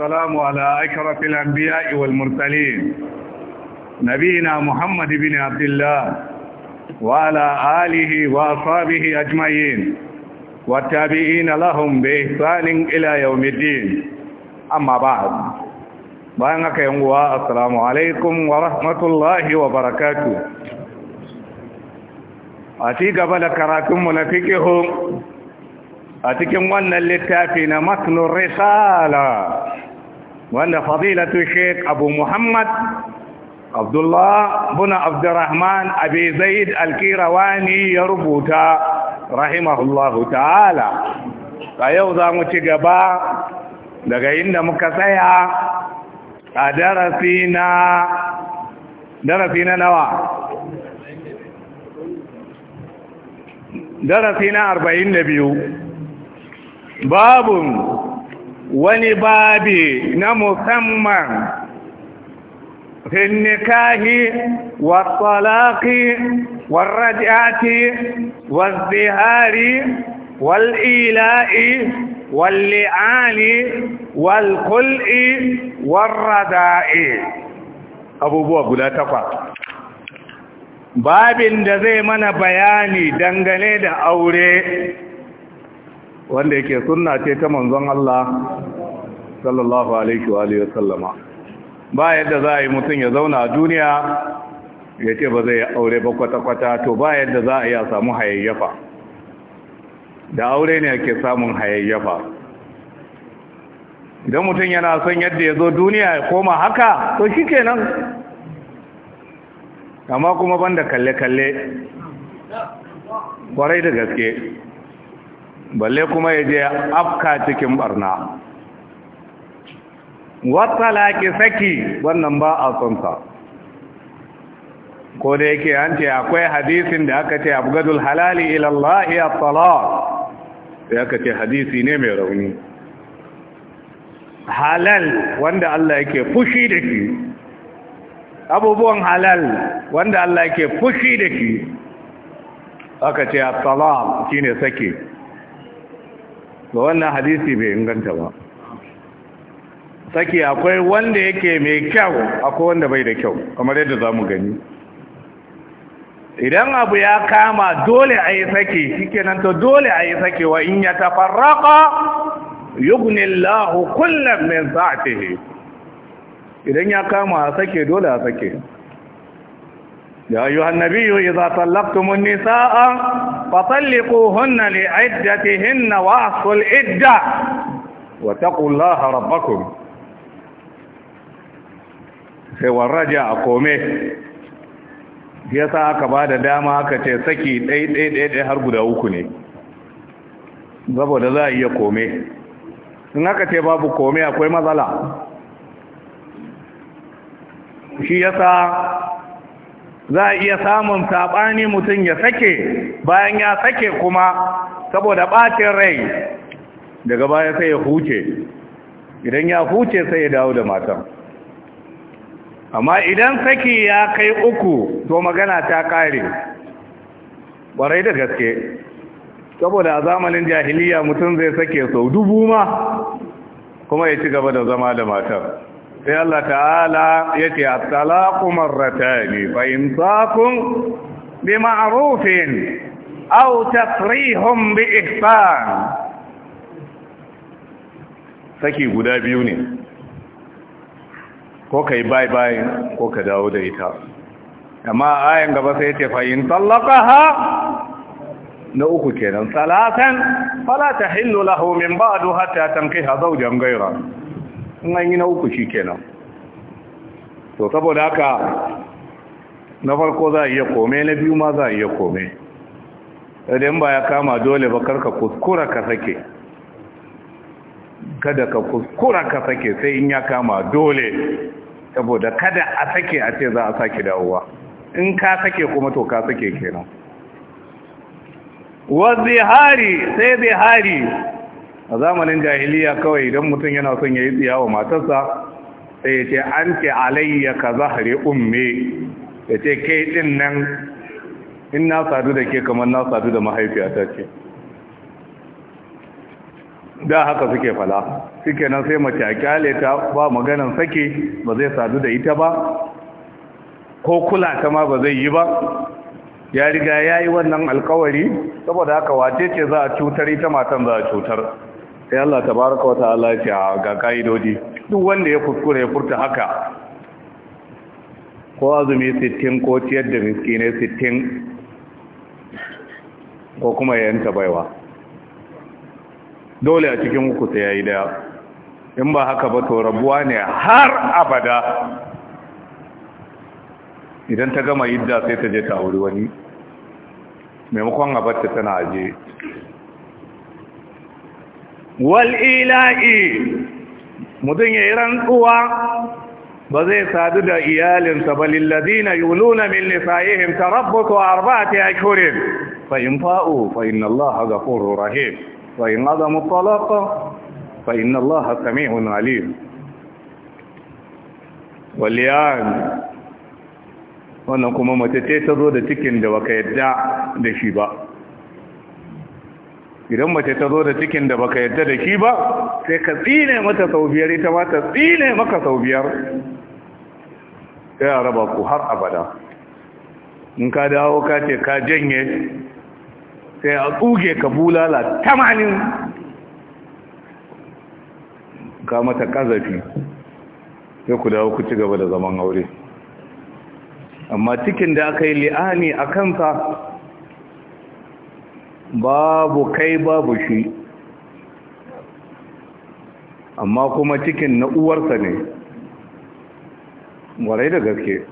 السلام على أشرف الأنبياء والمرسلين نبينا محمد بن عبد الله وعلى آله وأصحابه أجمعين والتابعين لهم بإحسان إلى يوم الدين أما بعد بأنك يوم السلام عليكم ورحمة الله وبركاته أتي قبل كراكم ولفكهم أتكم ون اللتافين متن الرسالة wanda fadilatu sheik abu muhammad abdullah buna abdurrahman abi zaid alkirawani ya rubuta rahimahullahu ta'ala a yau za mu ci gaba daga inda muka tsaya a darasi na darasi na nawa darasi na 42 babun wani babi na musamman fin nikahi wa tsalaki wa radiyati wa zihari wa ila'i wa li'ani wa kul'i wa rada'i abubuwa guda takwa babin da zai mana bayani dangane da aure wanda yake sunna ce ta manzon Allah sallallahu alaihi wa alihi wasallama ba yadda za a yi mutum ya zauna a duniya ya ce ba zai aure ba kwata-kwata to ba yadda za a yi a samu hayayyafa da aure ne ake samun hayayyafa idan mutum yana son yadda ya zo duniya ya koma haka to shi kenan amma kuma banda kalle-kalle kwarai da gaske balle kuma ya je afka cikin barna watsalaki saki wannan ba a sonsa ko da yake an ce akwai hadisin da aka ce abgadul halali ilallahi a talaq sai aka ce hadisi ne mai rauni halal wanda Allah yake fushi da shi abubuwan halal wanda Allah yake fushi da shi aka ce a talaq shine sake to wannan hadisi bai inganta ba saki akwai wanda yake mai kyau akwai wanda bai da kyau kamar yadda zamu gani idan abu ya kama dole a yi sake shikenan to dole a yi wa in ya tafarraka yugnillahu kullum min sa'atihi idan ya kama a sake dole a sake يا أيها النبي إذا طلقتم النساء فطلقوهن لعدتهن وأحصوا العدة واتقوا الله ربكم سوى الرجع قومه yasa aka ba da dama aka ce saki ɗai-ɗai-ɗai har guda uku ne saboda za a iya kome in aka ce babu kome akwai matsala shi yasa za a iya samun saɓani mutum ya sake bayan ya sake kuma saboda ɓacin rai daga baya sai ya huce idan ya huce sai ya dawo da matan amma idan saki ya kai uku to magana ta ƙare ƙwarai da gaske saboda a zamanin jahiliya mutum zai sake sau dubu ma kuma ya ci gaba da zama da matan. sai Allah ta'ala ya ce at-talaqu marratayn fa imsakun bi ma'rufin aw tasrihum bi ihsan saki guda biyu ne ko kai bye bye ko ka dawo da ita amma ayan gaba sai ce fa in talaqaha na uku kenan salatan fala tahillu lahu min ba'du hatta tankiha zawjan ghayra in an yi na uku shi kenan to saboda haka na farko za a iya kome na biyu ma za a iya kome idan ba ya kama dole ba karka kuskura ka sake kada ka kuskura ka sake sai in ya kama dole saboda kada a sake a ce za a sake dawowa in ka sake kuma to ka sake kenan wa zihari sai zihari a zamanin jahiliya kawai idan mutum yana son ya yi tsiya wa matarsa sai ya ce an ke alayya ka zahari umme ya ce kai din nan in na sadu da ke kamar na sadu da mahaifiyata ce da haka suke fala suke nan sai mace a kyale ta ba maganan sake ba zai sadu da ita ba ko kula ta ma ba zai yi ba ya riga ya yi wannan alkawari saboda haka wace ce za a cutar ita matan za a cutar sai Allah ta wata wata ya a ga kaidodi duk wanda ya kuskure ya furta haka ko azumi sittin, ko ciyar da miskine sittin, ko kuma yanta baiwa dole a cikin uku sai yayi daya in ba haka ba to rabuwa ne har abada idan ta gama idda sai ta je ta auri wani maimakon abarta tana aje wal'ila'i mutum ya yi rantsuwa ba zai sadu da iyalinsa ba lillazina yuluna min nisa'ihim tarabbutu arba'ati ashhurin fa in fa'u fa inna allaha ghafurur rahim wa in adamu talaqa fa inna allaha sami'un alim waliyan wannan kuma mace ce ta zo da cikin da baka yadda da shi ba idan mace ta zo da cikin da baka yadda da shi ba sai ka tsine mata sau biyar ita ma ta tsine maka sau biyar ya raba ku har abada in ka dawo ka ce ka janye sai a tsuge ka bulala tamanin ka mata kazafi sai ku dawo ku ci gaba da zaman aure amma cikin da aka yi li'ani a kansa babu kai babu shi amma kuma cikin na uwarsa ne warai da gaske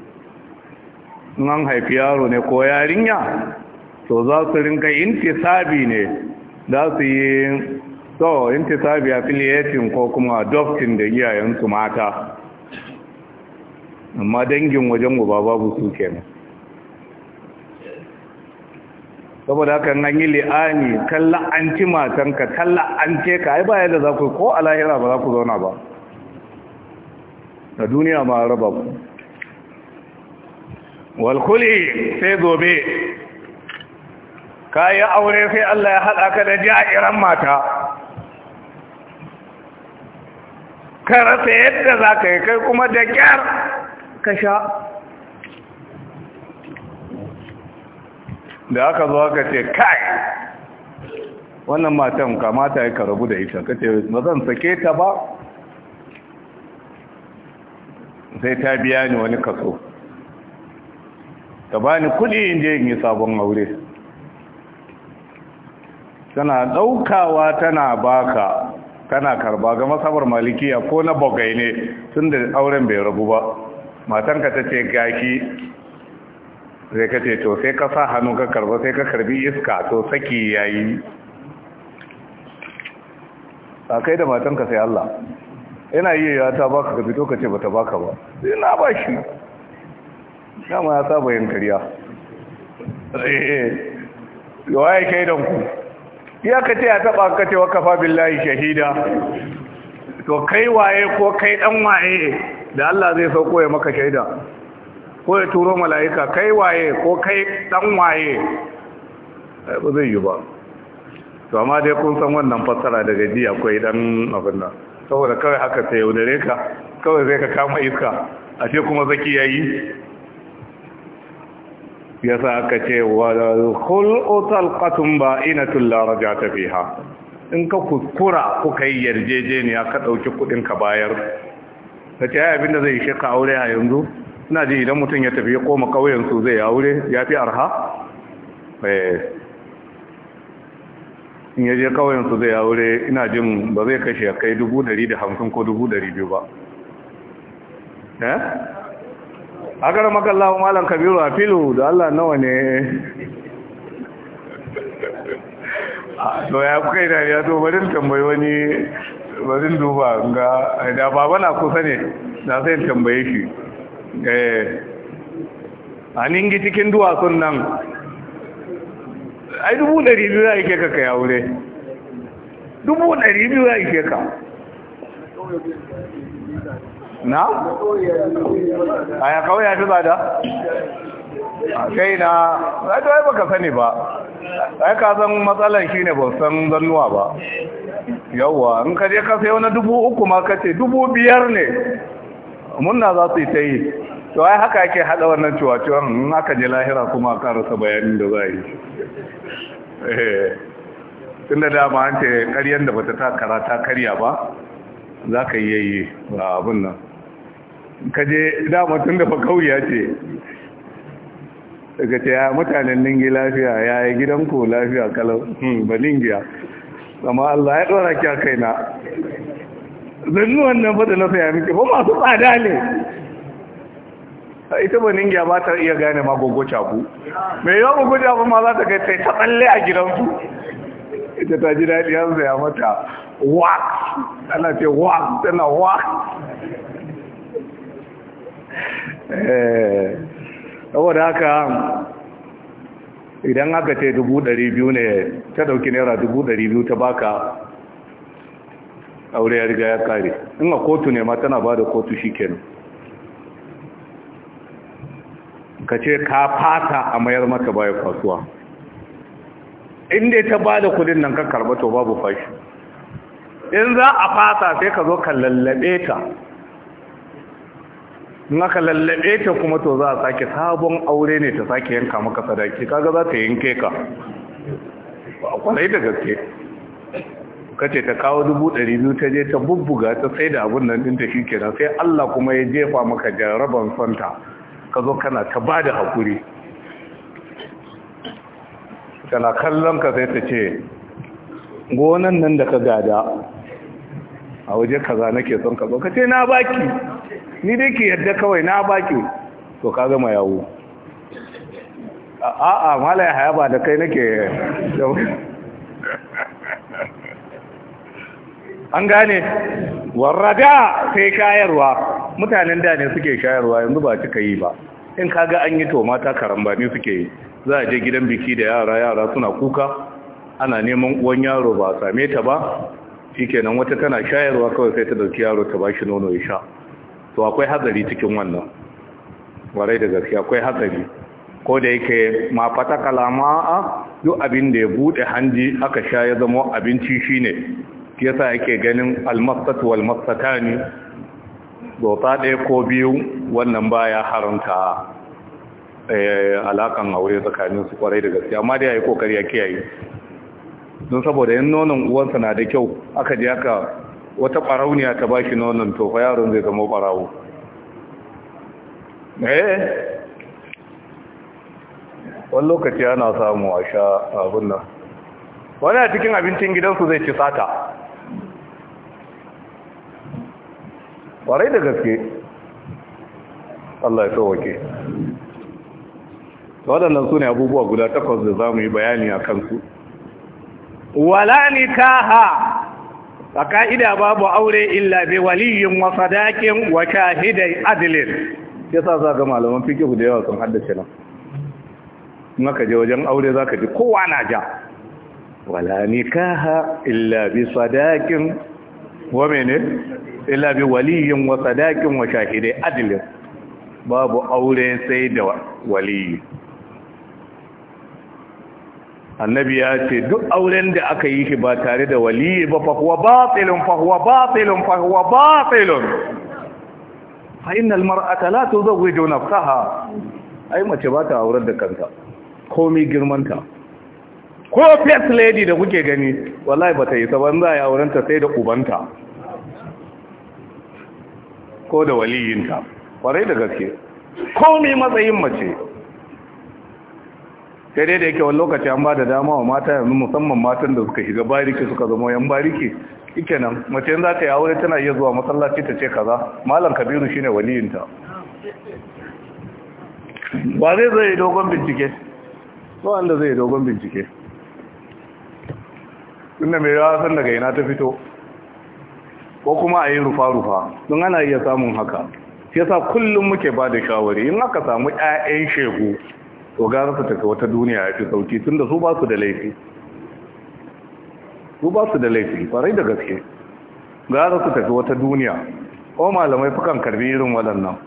Nan haifi yaro ne ko yarinya to za su rinka intisabi ne za su yi so intisabi affiliating ko kuma adopting da iyayensu mata amma dangin wajen uba babu su kenan saboda haka an yi li'ani kalla an matanka kalla an ka ai baya da za ku ko a lahira ba za ku zauna ba na duniya ma raba ku walkuli sai gobe. ka yi aure sai Allah ya haɗa ka da ja'iran mata ka rasa yadda za ka yi kai kuma da ƙyar ka sha da aka zo aka ce kai wannan matan kamata ya karabu da ita ka ce ba zan sake ta ba sai ta biya ni wani kaso ta bani kuɗi kudi in in yi sabon aure tana daukawa tana baka tana karba ga masabar malikiya ko na bogai ne tun auren bai rabu ba matanka ta ce gaki sai ka ce to sai ka sa hannu ka karba sai ka karbi iska to saki yayi a kai da matanka sai Allah yana yi ya ta baka ka fito ka ce bata baka ba sai na ba shi dama ya saba yin kariya yawa eh, ya kai ku ya ka ce ya taba ka ce waka fa billahi shahida to kai waye ko kai dan waye da Allah zai sauko ya maka shaida ko ya turo mala'ika kai waye ko kai dan waye ba zai yi ba to amma dai kun san wannan fassara daga jiya. akwai dan abin nan saboda kawai haka sai yaudare ka kawai zai ka kama iska a ce kuma zaki yayi ya sa aka ce wadal khul'utal qatum ba'inatul la rajata fiha in ka kuskura kuka yi yarjejeniya ka ɗauki kudin ka bayar kace abin da zai shi ka aure a yanzu Ina ji idan mutum ya tafi ya koma ƙauyensu zai aure ya fi arha eh. in yaje ƙauyensu zai aure ina jin ba zai kashe ya kai dubu dari da hamsin ko dubu dari biyu ba eh agar makallahu malam kabiru a filu da allah nawa ne ah, to ya kai da ya to barin tambayi wani barin duba ga da baba na kusa ne na sai tambaye shi Eh. a ningi cikin duwatsun nan ai dubu ɗari biyu za a ike ka ka wule dubu ɗari biyu za a ike ka na? a ya kawai ya fi tsada? kai na ai ta ai baka sani ba ai ka san matsalan shine ba san zannuwa ba Yauwa in ka je ka sayo na dubu uku ma kace dubu biyar ne munna za su yi ta yi to ai haka ake hada wannan ciwaciwan in aka je lahira kuma a karasa bayanin da za a yi eh, tun da dama an ce karyar da bata takara ta karya ba za ka yi yayi ba abin nan ka je dama tun da fa ce daga ce ya mutanen ningi lafiya ya yi gidanku lafiya kalau hmm, ba ningiya amma Allah ya ɗora kya kaina zannuwan nan fa da na saya miki ba masu tsada ne ita ba ningiya ba ta iya gane ma gogo ku mai yawan gogo ba ma za ta kai sai ta tsalle a gidansu ita ta ji daɗi har zai mata wak. ana ce wak, tana wak. wax eh, da haka idan aka ce dubu ɗari biyu ne ta ɗauki naira dubu ɗari biyu ta baka aure ya riga ya kare in a kotu ne ma tana ba kotu shi kenan ka ce ka fata a mayar maka baya kasuwa inda ta bada da kudin nan ka karba to babu fashi in za a fata sai ka zo ka lallabe ta in aka lallabe ta kuma to za a sake sabon aure ne ta sake yanka maka sadaki kaga za ta yanke ka kwarai da gaske kace ta kawo dubu ɗari biyu ta je ta bubbuga ta sai da abun nan ɗinta shi kenan sai Allah kuma ya jefa maka jaraban santa ka zo kana ta ba da haƙuri tana kallon ka sai ta ce gonan nan da ka gada a waje kaza nake son ka zo ka ce na baki ni dai ke yadda kawai na baki to ka gama yawo a'a mala ya haya ba da kai nake an gane warraga sai shayarwa mutanen da ne suke shayarwa yanzu ba cika yi ba in kaga an yi to mata karamba ne suke yi za a je gidan biki da yara yara suna kuka ana neman uwan yaro ba same ta ba shikenan wata tana shayarwa kawai sai ta dauki yaro ta bashi nono ya sha to akwai hatsari cikin wannan warai da gaskiya akwai hatsari ko da yake ma fata kalama a duk abin da ya bude hanji aka sha ya zama abinci shine shi yasa yake ganin almasatu walmasatani dota ɗaya ko biyu wannan baya haramta eh, alakan aure tsakanin su kwarai da gaske amma da yayi kokari ya kiyaye don saboda yin nonon uwansa na da kyau aka ji aka wata ɓarauniya ta ba shi nonon to fa yaron zai zama ɓarawo eh wani lokaci ana samu a sha abin nan wani a cikin abincin gidansu zai ci sata Kwarai da gaske Allah ya tsawake waɗannan su ne abubuwa guda takwas da za mu yi bayani a kansu wala nikaha a ka'ida babu aure illa bi waliyin wa sadakin wa shahidai adilin sa za ga malaman kihu da yawa sun haddace nan in aka je wajen aure za ka ji kowa na ja wala nikaha illa bi sadakin wa mene illa bi waliyin wa sadaqin wa shahidai adl babu aure sai da waliyi annabi ya ce duk auren da aka yi shi ba tare da waliyi ba fa huwa batilun fa huwa batilun fa huwa batilun fa innal mar'ata la tuzawwiju nafsaha ai mace ba ta aurar da kanta komai girmanta ko first lady da kuke gani wallahi ba ta yi saban za a yi aurenta sai da ubanta ko da waliyinta kwarai da gaske ko mai matsayin mace sai dai da yake wani lokaci an ba da dama wa mata yanzu musamman matan da suka shiga bariki suka zama yan bariki ike nan mace za ta yi aure tana iya zuwa masallaci ta ce kaza malam kabiru shine waliyinta ba zai zai dogon bincike wanda zai dogon bincike tunda mai rawa san daga ina ta fito ko kuma a yi rufa-rufa don ana iya samun haka yasa kullum muke ba da shawari in aka samu 'ya'yan shehu. to gara su tafi wata duniya ya fi sauki tunda su ba su da laifi su ba su da laifi farai da gaske gara su tafi wata duniya ko malamai fukan karbi irin waɗannan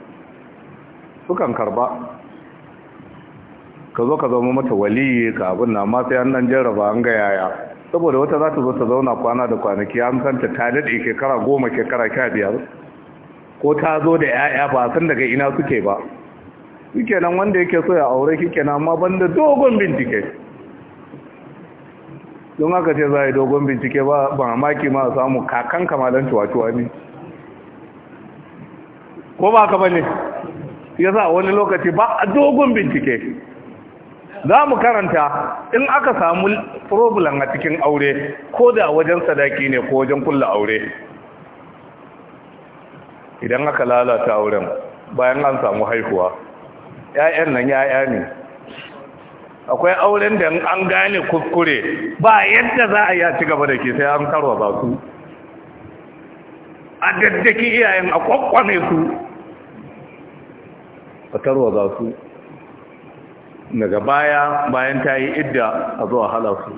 fukan karba ka zo ka zama mata waliye ka abin na ma sai an nan jarraba an ga yaya saboda wata za ta zo ta zauna kwana da kwanaki an santa ta daɗe shekara goma shekara sha biyar ko ta zo da 'ya'ya ba san daga ina suke ba suke nan wanda yake so ya aure shike nan amma da dogon bincike don haka ce za a yi dogon bincike ba ba maki ma samu kakan kamalan cuwa ne ko ba ka ba ne ya sa wani lokaci ba a dogon bincike za mu karanta in aka samu problem a cikin aure ko da wajen sadaki ne ko wajen kulla aure idan aka lalata auren bayan an samu haihuwa ‘ya'yan nan ‘ya'ya ne akwai auren da an gane kuskure ba yadda za a yi ci gaba da ke sai an karwa ba su a daddaki iyayen a kwakwane su a tarwa za su daga baya bayan ta yi idda a zuwa halarsu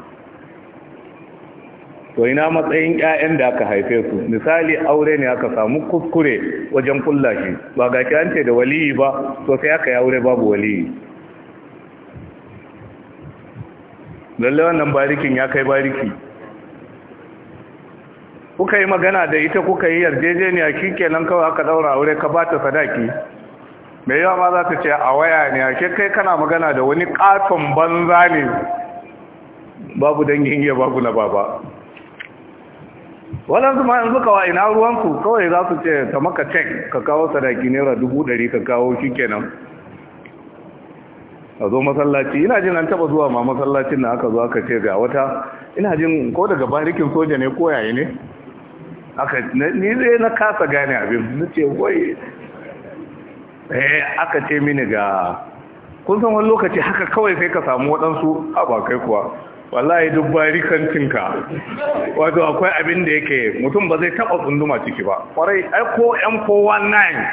to ina matsayin 'ya'yan da aka haife su misali aure ne aka samu kuskure wajen kulla shi ba ga kyance da waliyi ba to sai aka yi aure babu waliyi lalle wannan barikin ya kai bariki kuka yi magana da ita kuka yi yarjejeniya shi kenan kawai aka daura aure ka ba ta sadaki Me yawa ma za ta ce a waya ne a kai kana magana da wani katon banza ne babu dangin iya babu na baba waɗansu ma yanzu kawa ina ruwanku kawai za su ce ta maka cek ka kawo sadaki naira dubu ɗari ka kawo shi kenan a zo masallaci ina jin an taba zuwa ma masallacin na aka zo aka ce ga wata ina jin ko daga barikin soja ne ko yayi ne aka ni zai na kasa gane abin na ce wai eh aka ce mini ga kun san wani lokaci haka kawai sai ka samu waɗansu abakai ba kai kuwa wallahi duk bari kantinka wato akwai abin da yake mutum ba zai taɓa tsunduma ciki ba kwarai ai ko yan kowa nine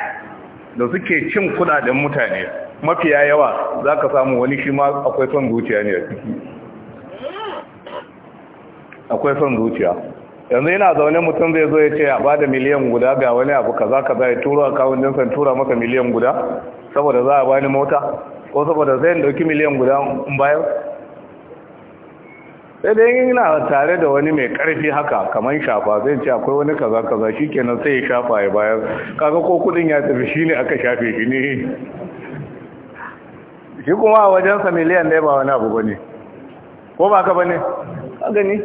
da suke cin kudaden mutane mafiya yawa za ka samu wani shi ma akwai son zuciya ne a ciki akwai son zuciya yanzu yana zaune mutum zai zo ya ce a bada miliyan guda ga wani abu kaza kaza ya turo a din san tura maka miliyan guda saboda za a bani mota ko saboda zai dauki miliyan guda in bayar sai dai yana tare da wani mai karfi haka kamar shafa zai ce akwai wani kaza kaza shikenan sai ya shafa ya bayar kaga ko kudin ya tafi shine aka shafe shi ne shi kuma a wajensa miliyan ɗaya ba wani abu ba ne. ko ba ka ba ka gani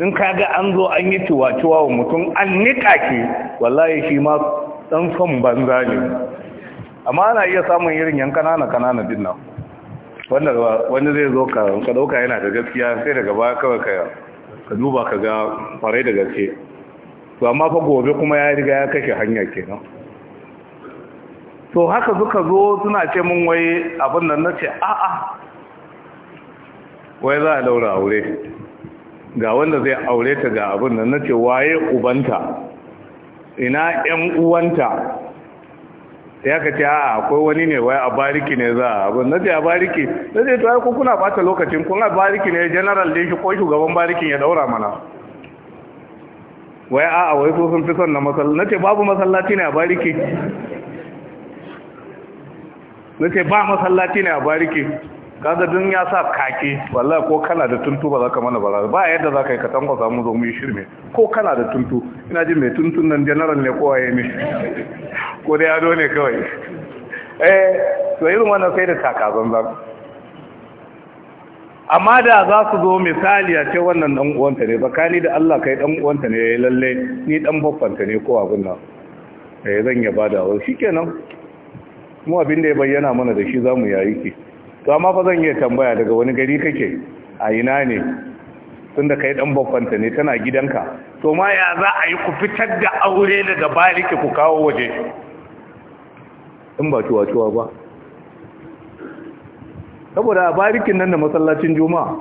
in ka ga an zo an yi tuwa-tuwa wa mutum an niƙa ke wallahi shi ma ɗan son banza ne amma ana iya samun irin yan kanana-kanana din nan wanda zai zo ka ɗauka yana da gaskiya sai daga baya kawai ka ka duba ka ga farai da gaske to amma fa gobe kuma ya riga ya kashe hanya ke nan. to haka suka zo suna ce mun wai abin nan na ce a'a wai za a daura aure ga wanda zai aure ta ga abin da nace waye ubanta ina ƴan uwanta ya ka ce a akwai wani ne wai a bariki ne za a abin nace a bariki nace to ai ku kuna bata lokacin kun a bariki ne general din shi ko shugaban barikin ya daura mana wai a a wai ko sun fi son na masallaci nace babu masallaci ne a bariki nace ba masallaci ne a bariki kaga dun ya sa kake wallahi ko kana da tuntu ba za ka mana bara ba yadda za ka yi ka za mu zo mu yi shirme ko kana da tuntu ina jin mai tuntun nan general ne ko waye ne ko dai ado ne kawai eh to irin wannan sai da taka zanzan amma da za su zo misali a ce wannan dan uwanta ne tsakani da Allah kai dan uwanta ne eh, lalle ni dan babbanta ne ko abin nan eh zan ya bada wa shikenan mu abin da ya bayyana mana da shi zamu yayi ki to amma fa zan iya tambaya daga wani gari kake a ina ne tunda kai dan babbanta ne tana gidanka to ma ya za a yi ku fitar da aure daga baliki ku kawo waje in ba tuwa-tuwa ba saboda a barikin nan da masallacin juma'a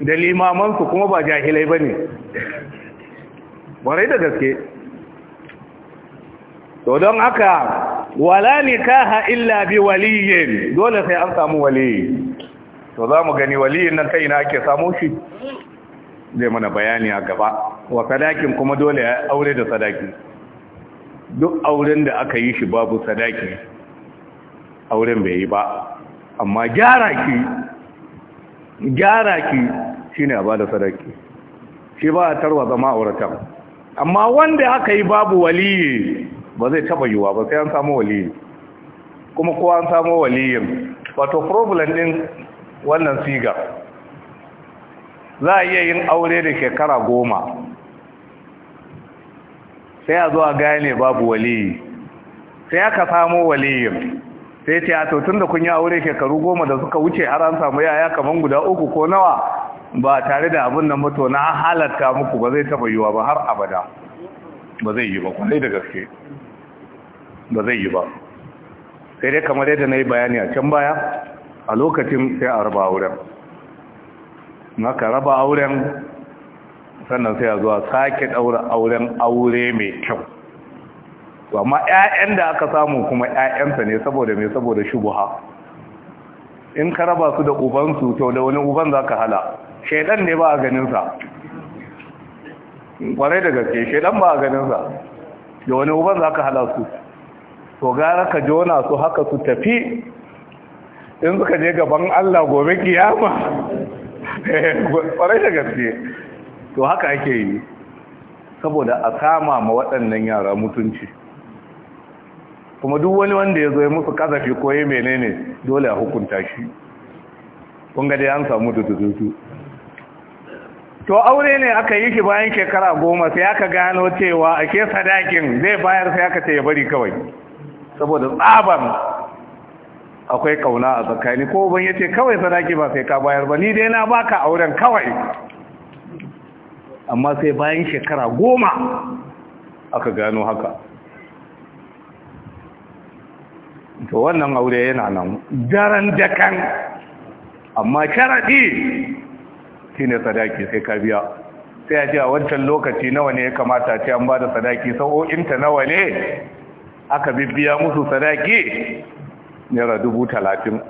da limamansu kuma ba jahilai ba ne warai da gaske to don aka. wala nikaha illa bi waliyin dole sai an samu waliyi to za mu gani waliyin nan kai na ake samu shi zai mana bayani a gaba wa sadakin kuma dole ya aure da sadaki duk auren da aka yi shi babu sadaki auren bai yi ba amma gyara ki gyara ki shine a bada sadaki shi ba a tarwa zama auratan amma wanda aka yi babu waliyi ba zai taba yiwa ba sai an samu waliyin kuma ko an samu waliyin wato problem din wannan siga za a iya yin aure da shekara goma sai a zo a gane babu waliyi sai aka samu waliyin sai ce a tautun da kun yi aure shekaru goma da suka wuce har an samu yaya kamar guda uku ko nawa ba tare da abin nan mutu na halatta muku ba zai taba yiwa ba har abada ba zai yi ba kwanai da gaske ba zai yi ba sai dai kamar yadda na yi bayani a can baya a lokacin sai a raba auren Na ka raba auren sannan sai a zuwa sake daura auren aure mai kyau amma 'ya'yan da aka samu kuma 'ya'yansa ne saboda mai saboda shubuha in ka raba su da ubansu to da wani uban za ka hala shaidan ne ba a ganinsa ƙwarai da gaske shaidan ba a ganinsa da wani uban za ka hala su to gara ka jona su haka su tafi in suka je gaban Allah gobe kiyama kwarai da gaske to haka ake yi saboda a kama ma waɗannan yara mutunci kuma duk wani wanda ya zo ya musu kazafi ko ya menene dole a hukunta shi kun ga dai an da to aure ne aka yi shi bayan shekara goma sai aka gano cewa ake sadakin zai bayar sai aka ce ya bari kawai saboda tsaban akwai kauna a tsakani ko ban yace kawai sadaki ba sai ka bayar ba ni dai na baka auren kawai amma sai bayan shekara goma aka gano haka to wannan aure yana nan daren dakan amma sharaɗi shine sadaki sai ka biya sai a ce a wancan lokaci nawa ne ya kamata ce an ba da sadaki sau'o'inta nawa ne aka bibbiya musu sadaki naira dubu talatin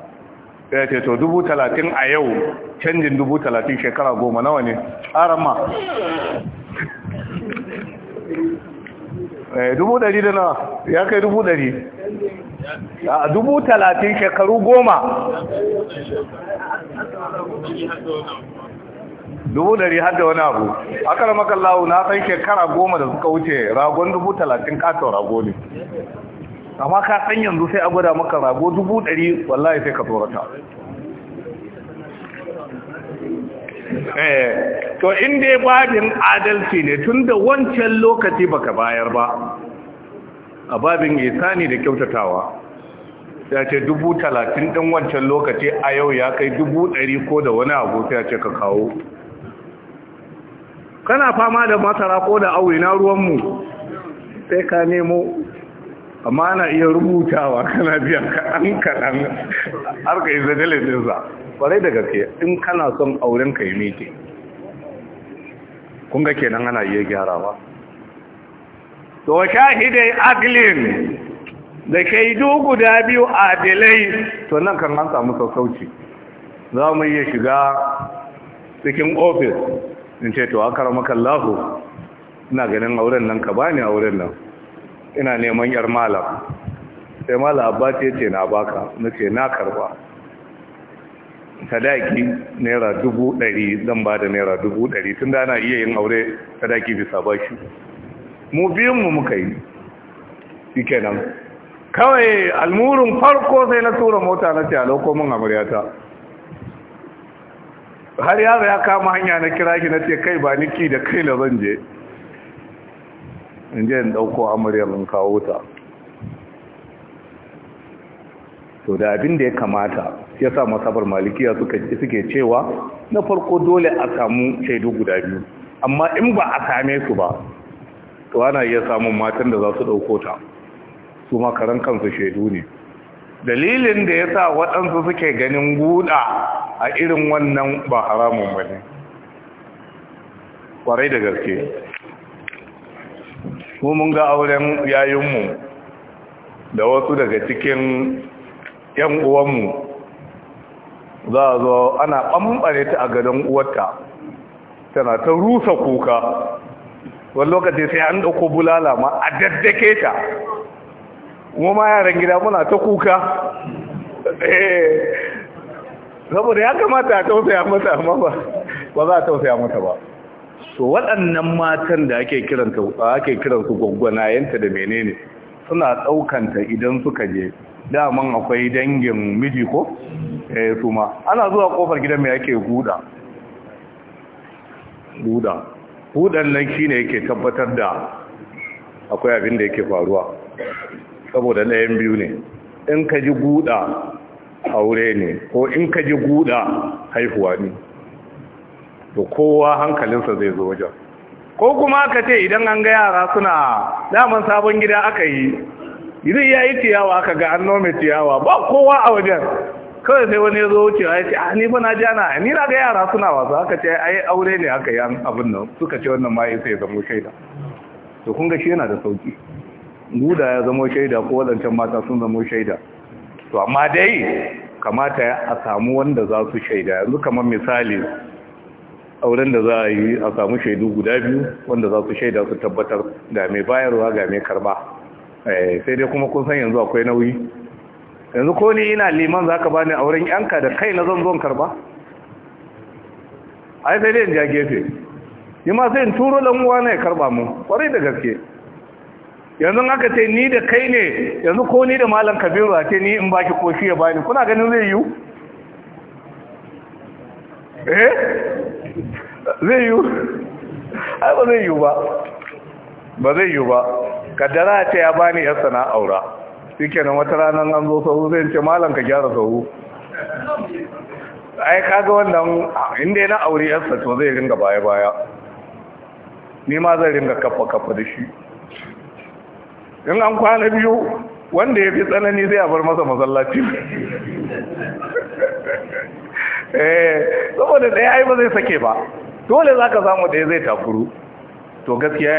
ya ce to dubu talatin a yau canjin dubu talatin shekara goma nawa ne arama eh, dubu dari da nawa ya kai dubu dari a ah, dubu talatin shekaru goma dubu dari har da wani abu a kala lawo na san shekara goma da suka wuce ragon dubu talatin katon rago ne amma ka san yanzu sai a gwada maka rago dubu dari wallahi sai ka tsorata eh, to inda babin adalci ne tun da wancan lokaci baka bayar ba a babin isani da kyautatawa ya ce dubu talatin ɗin wancan lokaci a yau ya kai dubu ɗari ko da wani abu ta ce ka kawo kana fama da masara ko da auri na ruwanmu sai ka nemo amma ana iya rubutawa kana biyan kaɗan kaɗan har ka yi zadalin ɗinsa ƙwarai daga ke in kana son auren ka yi miki kun ga kenan ana iya gyarawa to shahidai aglin da shaidu guda biyu a adilai to nan kan an samu sauƙauci za mu iya shiga cikin ofis in ce to akara kallahu ina ganin auren nan ka bani auren nan ina neman yar malam sai malam abba ce ce na baka na ce na karba sadaki naira dubu ɗari zan ba da naira dubu ɗari tun da ana iya yin aure sadaki bisa bashi mu biyun mu muka yi shi kenan kawai almurin farko sai na tura mota na ce a mun amuryata har yaro ya kama hanya na kira shi na ce kai ba niki da kai la zan je in je in dauko amuryar in kawo ta to da abin da ya kamata ya sa masabar malikiya suke cewa na farko dole a samu shaidu guda biyu amma in ba a same su ba to ana iya samun matan da za su dauko ta su makaran kansu shaidu ne dalilin da ya sa waɗansu suke ganin guda a irin wannan ba haramun ba ne ƙwarai da gaske mun ga auren yayinmu da wasu daga cikin 'yan uwanmu za a zo ana ɓamɓare ta a gadon uwarta tana ta rusa kuka wani lokaci sai an ɗauko bulala ma a daddake ta mu ma yaran gida muna ta kuka eh, saboda ya kamata a tausaya mata amma ba ba za a tausaya mata ba so waɗannan matan da ake kiranta ake kiransu yanta da menene suna ɗaukanta idan suka je daman akwai dangin miji ko eh su ana zuwa kofar gidan mai ake guda guda hudan nan shine yake tabbatar da akwai abin da yake faruwa saboda ɗayan biyu ne in ka ji guda aure ne ko in ka ji guda haihuwa ne to kowa hankalinsa zai zo wajen ko kuma aka ce idan an ga yara suna daman sabon gida aka yi idan ya yi ciyawa aka ga an nome ciyawa ba kowa a wajen kawai sai wani ya zo wucewa ya ce a ah, ni fa na jana ni na ga yara suna wasa aka ce ai aure ne aka yi abin nan suka ce wannan ma sai ya zama shaida to kun ga shi yana da sauki guda ya zama shaida ko waɗancan mata sun zama shaida to amma dai kamata a samu wanda za su shaida yanzu kamar misali auren da za a yi a samu shaidu guda biyu wanda za su shaida su tabbatar ga mai bayarwa ga mai karba eh, sai dai kuma kun san yanzu akwai nauyi yanzu ko ni ina liman za ka bani auren yanka da kai na zanzon karba ai sai dai in ja gefe yi ma sai in turo ɗan uwa na ya karba mu kwarai da gaske yanzu aka ce ni da kai ne yanzu ko ni da malam kabiru a ce ni in baki ko shi ya bani kuna ganin zai yiwu eh zai yiwu ai ba zai yiwu ba ba zai yiwu ba kaddara ce ya bani yar sana aura shike nan wata ranar an zo sauru zai ce malam ka gyara sauru. ai kaga wannan inda yana aure yarsa to zai ringa baya baya ni ma zai ringa kafa kafa da shi in an kwana biyu wanda ya fi tsanani zai a bar masa masallaci eh, saboda ɗaya ai ba zai sake ba dole za ka samu ɗaya zai takuru to gaskiya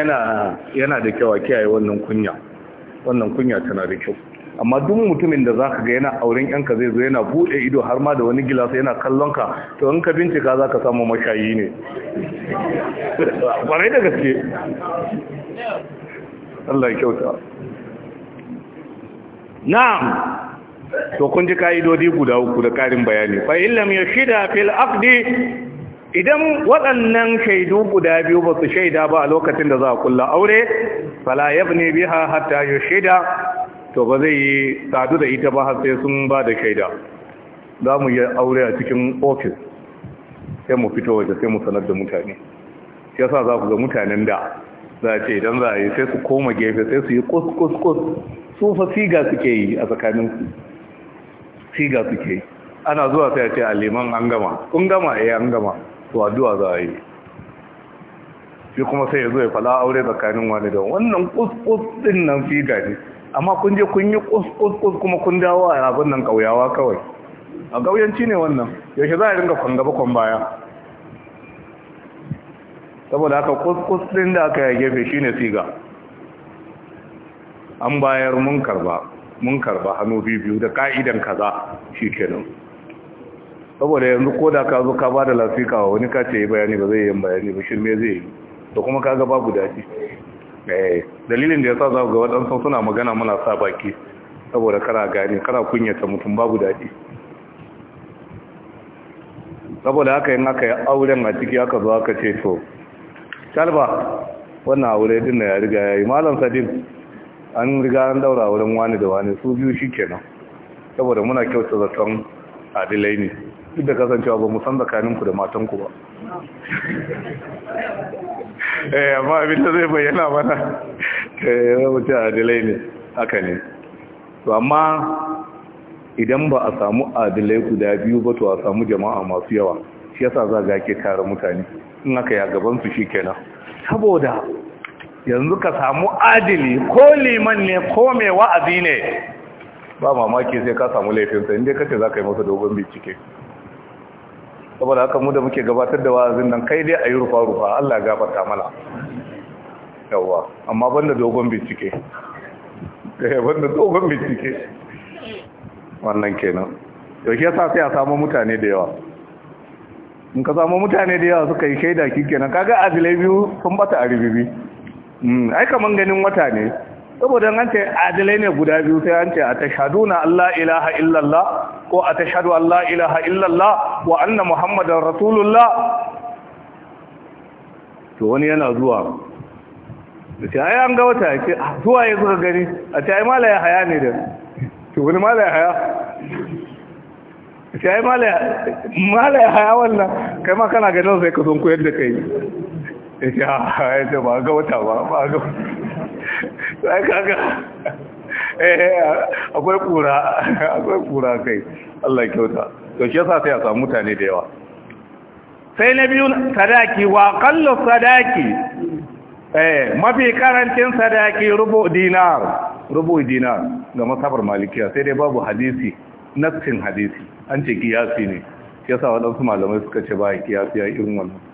yana da kyau a kiyaye wannan kunya wannan kunya tana da kyau amma duk mutumin da za ka ga yana auren yanka zai zo yana bude ido har ma da wani gilasa yana kallon ka to in ka bincika zaka samu mashayi ne kwarai da gaske Allah kyauta na'am to kun ji ka'idodi guda uku da ƙarin bayani fa illam yashida fil aqdi idan waɗannan shaidu guda biyu ba su shaida ba a lokacin da za a kulla aure fala yabni biha hatta yashida to ba zai yi sadu da ita ba har sai sun ba da shaida za mu yi aure a cikin ofis sai mu fito waje sai mu sanar da mutane shi yasa za ku ga mutanen da za a ce idan za a yi sai su koma gefe sai su yi kus kus kus su fa siga suke yi a tsakaninku siga suke yi ana zuwa sai a ce a liman an gama kun gama eh an gama to addu'a za a yi shi kuma sai ya zo ya fala aure tsakanin wani da wannan kuskus din nan siga ne amma kun je kun yi kuskus kuma kun dawo a abin nan kauyawa kawai a gauyanci ne wannan yaushe za a ringa kwanga gaba kwan baya saboda haka kuskus din da aka yage gefe shine siga an bayar mun ba munkar ba hannu biyu da ka'idan kaza shikenan saboda yanzu ko da ka zo ka ba da lafika wa wani kace yi bayani ba zai yi bayani ba shirme zai yi da kuma kaga guda daji eh dalilin da yasa za ga wadansu suna magana muna sa baki saboda kana gani kana kunyata mutum ba guda shi. saboda haka yin aka yi auren a ciki aka zo aka ce to talba wannan aure din na ya riga ya yi malam sadin an riga an daura wurin wani da wani su biyu shi kenan, saboda muna kyauta zaton adilai ne duk da kasancewa ba mu san tsakaninku da matanku ba eh amma abin da zai bayyana mana eh mutum adilai ne haka ne to amma idan ba a samu adilai guda biyu ba to a samu jama'a masu yawa shi yasa za ga ke tare mutane in aka ya gaban su kenan saboda yanzu ka samu adili ko liman ne ko mai wa'azi ne ba mamaki sai ka samu laifinsa inda kace za ka yi masa dogon bincike saboda haka mu da muke gabatar da wa'azin nan kai dai a yi rufa-rufa allah gafarta mana yawa amma banda dogon bincike eh, banda dogon bincike wannan kenan yaushe sa sai a samu mutane da yawa in ka samu mutane da yawa suka yi shaida kikenan kaga azilai biyu sun bata a ribibi Hmm, ai kaman ganin wata ne saboda an ce adalai ne guda biyu sai an ce a na Allah ilaha illallah ko a tashadu Allah ilaha illallah wa anna muhammadan rasulullah to wani yana zuwa da ce ai an ga wata ya ce ah, zuwa ya zuwa gani a ce ai mala ya haya ne da to wani mala ya haya ce ai mala ya haya wannan kai ma kana ganin sai ka son koyar da kai Ah, ba ga wata ba ba ga wata kaga eh, akwai kura akwai kura kai Allah kyauta to shi yasa sai a samu mutane da yawa sai na biyu sadaki wa qallu sadaki eh mafi karancin sadaki rubu dinar rubu dinar ga masabar malikiya sai dai babu hadisi nassin hadisi an ce kiyasi ne yasa waɗansu malamai suka ce ba kiyasi ya irin wannan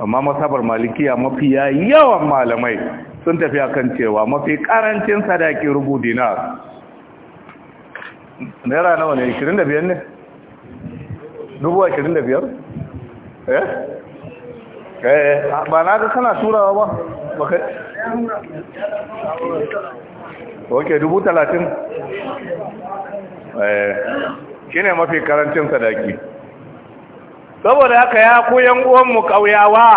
amma masabar malikiya mafi yawan malamai sun tafi akan cewa mafi karancin sadaki rubu dinar naira nawa ne 25 ne dubu 25 eh eh ba na ga kana turawa ba baka ok dubu talatin eh shi ne mafi karancin sadaki saboda haka ya ku yan uwanmu ƙauyawa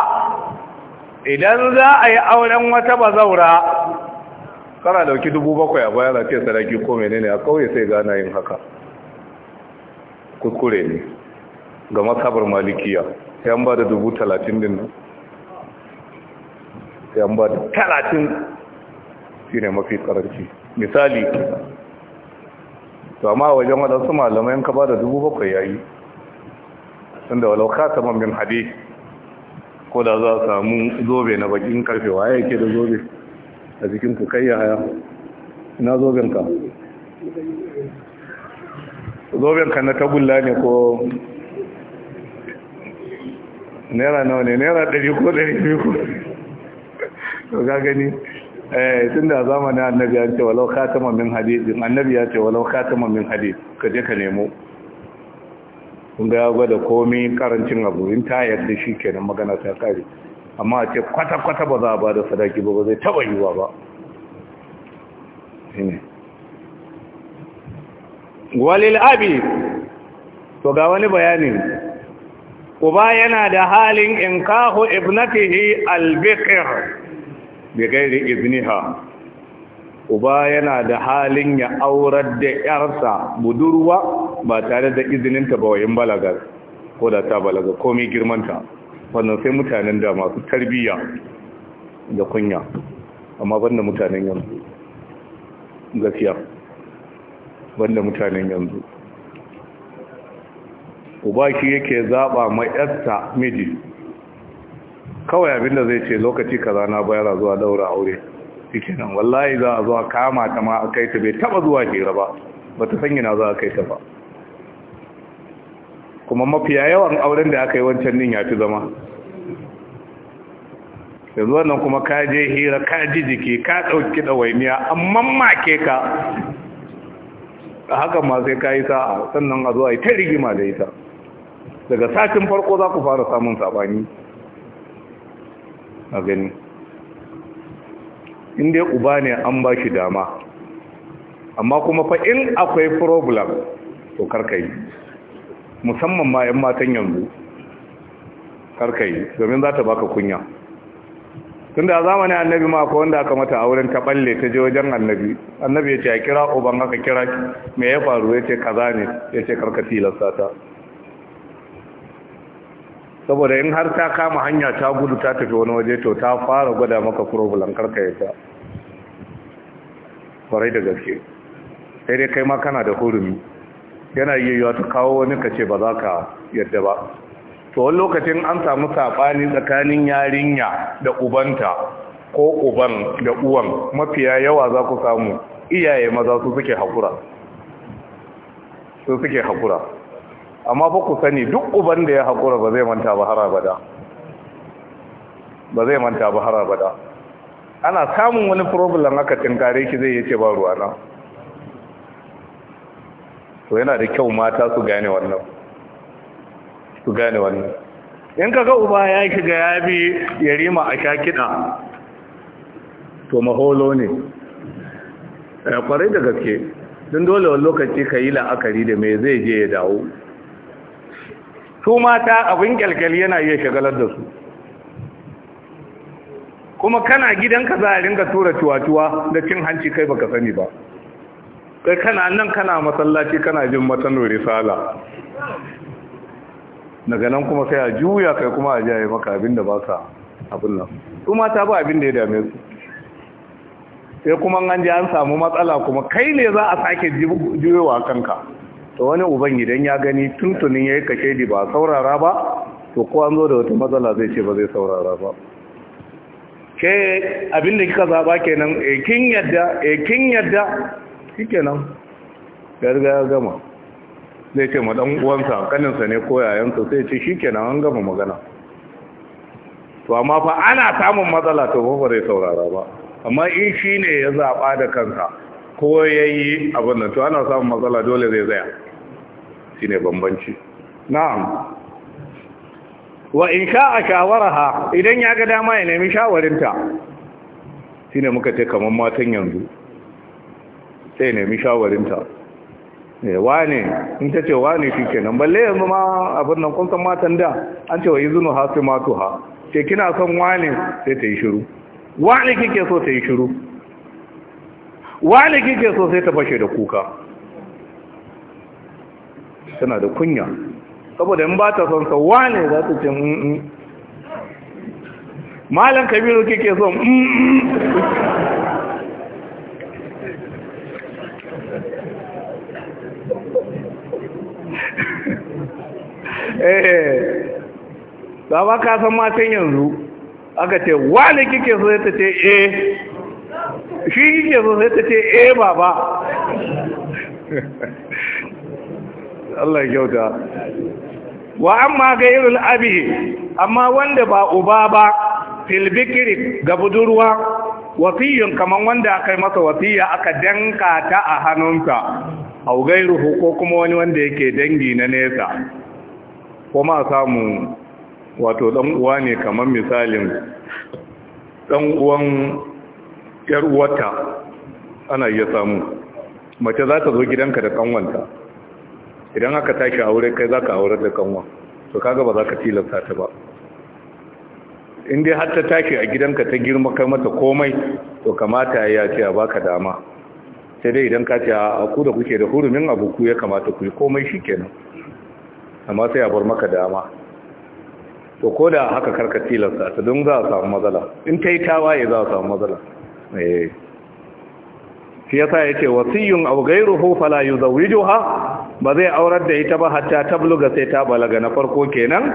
idan za a yi auren wata bazaura kana dauki dubu bakwai a bayan lafiyar sadaki ko menene a ƙauye sai gana yin haka kuskure ne ga masabar malikiya Yan ba da dubu talatin din nan ba da talatin shi ne mafi karanci misali to amma wajen waɗansu malamai ka ba da dubu bakwai yayi tunda walau khataman min hadid ko da za a samu zobe na bakin karfe waye yake da zobe a jikin ku kai yaya ina zoben ka zoben ka na tagulla ne ko naira nawa ne naira ɗari ko ɗari biyu ko to ga gani eh tunda zamanin annabi ya ce walau khataman min hadid annabi ya ce walau khataman min hadid ka je ka nemo kun ga ya gwada komi karancin abu in ta yarda shi kenan magana ta kare amma a ce kwata-kwata ba za a ba da sadaki ba ba zai taba yiwa ba walil abi to ga wani bayani uba yana da halin in kahu ibnatihi albiqir bi gairi ibniha uba yana da halin ya aurar da yarsa budurwa ba tare da izininta ba wayin balagar ko da ta balaga komai girmanta wannan sai mutanen da masu tarbiyya da kunya amma banda mutanen yanzu gafiya banda mutanen yanzu uba shi yake zaba mai yarsa miji kawai abinda zai ce lokaci kaza na bayar zuwa daura aure cikin nan wallahi za a zuwa kama ta ma a kai ta bai taba zuwa hira ba ba ta sanyina za a kai ta ba kuma mafiya yawan auren da aka yi wancan din ya fi zama yanzu wannan kuma ka je hira ka ji jiki ka ɗauki ɗawainiya amma make ka a haka ma sai ka yi sa'a sannan a zuwa yi ta rigima da ita daga satin farko za ku fara samun saɓani a gani inda ya uba ne an ba shi dama amma kuma fa in akwai problem to karkai musamman ma 'yan matan yanzu karkai domin za ta baka kunya Tunda da zamanin annabi ma wanda aka mata auren ta balle ta je wajen annabi annabi ya ce a kira uban aka kira me ya faru yace kaza ne yace ce karka tilasta saboda in har ta kama hanya ta gudu ta tafi wani waje to ta fara gwada maka problem karka ya ta kwarai da gaske sai dai kai ma kana da hurumi yana yiwuwa ta kawo wani kace ba za ka yadda ba to wani lokacin an samu saɓani tsakanin yarinya da ubanta ko uban da uwan mafiya yawa za ku samu iyaye maza su suke hakura su suke haƙura amma fa ku sani duk uban da ya haƙura ba zai manta ba har abada ba zai manta ba har abada ana samun wani problem aka tinkare shi zai yace ba ruwa na to yana da kyau mata su gane wannan su gane wannan in kaga uba ya shiga ya bi yarima a sha kiɗa to maholo ne ya eh, kwarai da gaske don dole wani lokaci ka yi la'akari da mai zai je ya dawo su mata abin kyalkyali yana iya shagalar da su kuma kana gidanka za a ringa tura cuwa-cuwa da cin hanci kai baka sani ba kai kana nan kana masallaci kana jin matsalar risala daga nan kuma sai a juya kai kuma a jaye maka abin da ba abin nan su mata ba abin da ya dame su sai kuma an ji an samu matsala kuma kai ne za a sake juyowa kanka to wani uban idan ya gani tuntunin ya yi kashe ba saurara ba to ko an zo da wata matsala zai ce ba zai saurara ba ke abinda kika zaba kenan ekin eh, yadda ekin eh, yadda kike nan. Garga ya gama zai ce ma uwansa kaninsa ne ko yayansa sai ce shi nan an gama magana to amma fa ana samun matsala to ba zai saurara ba amma in shine ya zaba da kansa ko yayi abin nan to ana samun matsala dole zai zaya. shine bambanci na'am wa in sha'a shawaraha idan ya ga dama ya nemi shawarinta shine muka ce kaman matan yanzu sai nemi shawarinta eh, wane in ta ce wane shi kenan balle yanzu ma abin nan kun san matan da an ce wa izinu ha su matu ha ce kina son wane sai ta yi shiru wane kike so ta yi shiru wane kike so sai ta fashe da kuka tana da kunya saboda in ba ta son sa za ta ce mm, mm. malam kabiru kike son mm, eh ba ba ka san matan yanzu aka ce wane kike so ta ce eh shi kike so ta ce eh baba Allah ya kyauta wa amma ga irin abi amma wanda ba uba ba fil bikri ga budurwa Wasiyyun kaman wanda aka masa wasiyya aka danka ta a hannunsa au gairu ko kuma wani wanda yake dangi na nesa ma samu wato dan uwa ne kaman misalin dan uwan yar uwata ana iya samu mace za ta zo gidanka da kanwanta idan aka tashi a aure kai za ka aure da kanwa to kaga ba za ka tilasta ta ba in dai har ta tashi a gidanka ta girma kai mata komai to kamata ya ce a baka dama sai dai idan ka ce a ku da kuke da hurumin abu ku ya kamata ku yi komai shikenan amma sai a bar maka dama to ko da haka karka tilasta ta don za a samu matsala in ta yi tawaye za a samu matsala eh shi ya ce wasiyun aw ghayruhu fala ha? ba zai aurar da ita ba hatta ta buluga sai ta balaga na farko kenan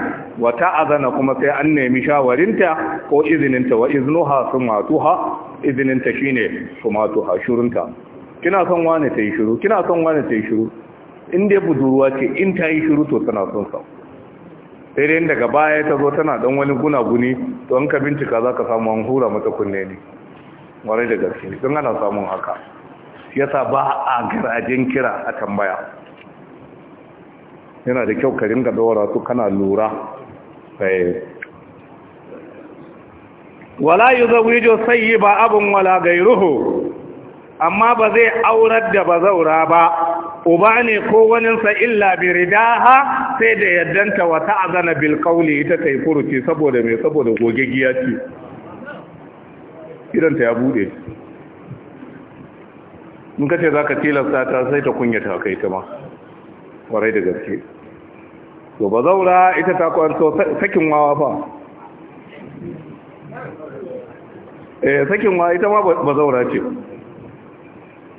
wa ta'azana kuma sai an nemi shawarinta ko izininta wa iznuha sumatuha izininta shine sumatuha shurunta kina son wani tayi shiru kina son wani ta yi shiru in dai budurwa ce in ta yi shiru to tana son sa sai dai daga baya ta zo tana dan wani gunaguni to an ka bincika za ka samu an hura mata kunne ne warai da gaske don ana samun haka yasa ba a garajin kira a tambaya yana da kyau ka ga ɗora su kana lura eh. wala yi sai yi ba abin wala gairuhu amma ba zai aurar da ba zaura ba uba ne ko waninsa illa ha sai da yaddanta wata a azana bilkauli ita ta yi furuci saboda mai saboda gogegiya ce idanta ya bude in ka ce za ka tilasta ta sai ta kunyata kai ta ma kwarai da gaske to ba zaura ita ta kwanto sakin wawa fa eh sakin wawa ita ma ba zaura ce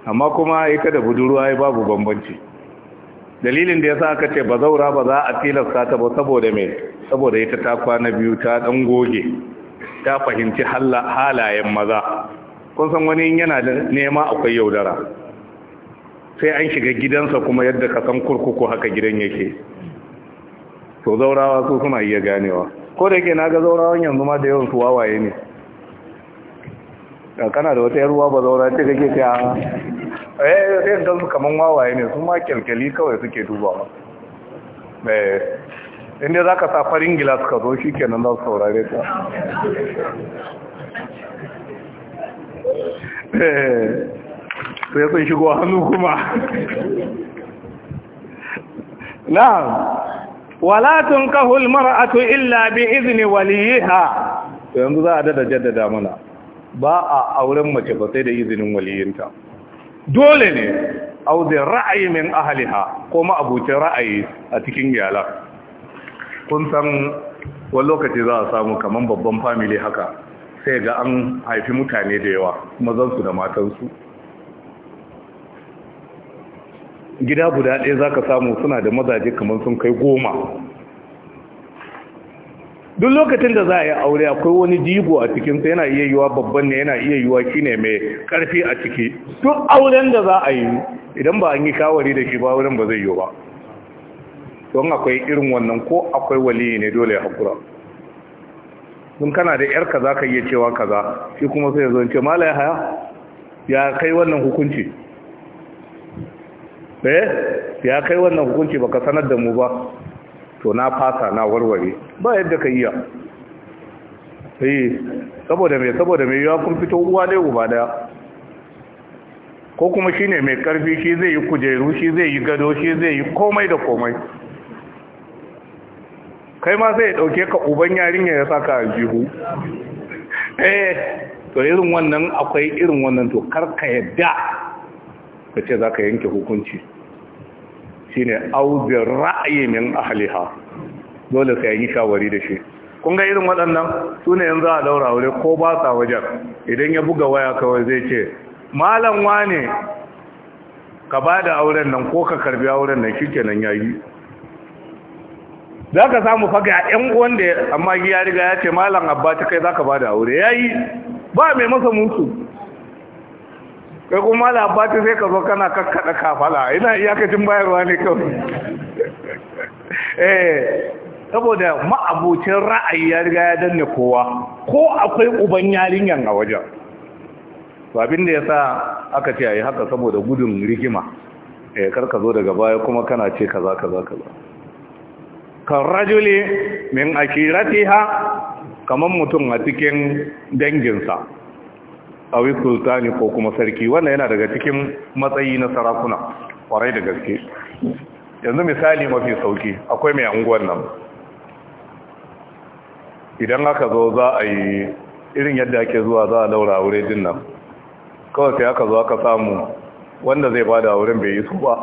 amma kuma ita da budurwa babu bambanci dalilin da ya sa aka ce ba zaura ba za a tilasta ta ba saboda mai saboda ita ta kwana biyu ta dan goge ta fahimci halayen maza kun san wani yana da nema akwai yaudara sai an shiga gidansa kuma yadda ka san kurkuku haka gidan yake to zaurawa su suna iya ganewa ko da yake naga zaurawan yanzu ma da yawan su wawaye ne kana da wata yaruwa ba zaura ce kake ta ah. eh sai ga su kaman wawaye ne su ma kyalkyali kawai suke dubawa eh inda zaka sa farin gilas ka zo shikenan za su saurare ka eh sai sun shigo hannu kuma na wala tunkahu almar'atu illa bi izni waliha to yanzu za a dada jaddada mana ba a auren mace ba sai da izinin waliyinta dole ne a da ra'ayi min ahaliha, ko ma'abucin ra'ayi a cikin yala kun san wani lokaci za a samu kamar babban famili haka sai ga an haifi mutane da yawa mazansu da matansu gida guda ɗaya za ka samu suna da mazaje kamar sun kai goma duk lokacin da za a yi aure akwai wani jigo a cikinsa yana iya yiwa babban ne yana iya yiwa shi ne mai karfi a ciki duk auren da za a yi idan ba an yi kawari da shi ba wurin ba zai yi ba don akwai irin wannan ko akwai wali ne dole ya haƙura sun kana da yar kaza ka iya cewa kaza shi kuma sai ya zonce mala ya haya ya kai wannan hukunci eh ya kai wannan hukunci baka sanar da mu ba to na fasa na warware ba yadda ka yi eh saboda me saboda me ya kun fito uwa dai uba daya ko kuma shine mai karfi shi zai yi kujeru shi zai yi gado shi zai yi komai da komai kai ma zai dauke ka uban yarinya ya saka aljihu eh to irin wannan akwai irin wannan to karka yadda ka ce za ka yanke hukunci shi ne auzin ra'ayi min ahaliha dole sai yi shawari da shi kun irin waɗannan su ne yanzu a daura wuri ko ba sa wajen idan ya buga waya kawai zai ce malam wane ka ba da auren nan ko ka karbi auren nan ke nan ya yi za ka samu faga a ‘yan uwan da amma ya riga ya ce malam abba ta kai za ka ba da aure ya yi ba mai masa mutu kai kuma Bati sai ka zo kana kakkada kafala ina iyakacin bayarwa ne kawai eh saboda ma'abucin ra'ayi ya riga ya danne kowa ko akwai uban yarinyan a wajen babin da ya sa aka ce a yi haka saboda gudun rigima eh karka zo daga baya kuma kana ce kaza kaza kaza kan rajuli min akiratiha kamar mutum a cikin danginsa awi sultani ko kuma sarki wannan yana daga cikin matsayi na sarakuna kwarai da gaske yanzu misali mafi sauki akwai mai unguwar nan idan aka zo za a yi irin yadda ake zuwa za a laura aure din nan kawai sai aka zo aka samu wanda zai bada auren bai yi su ba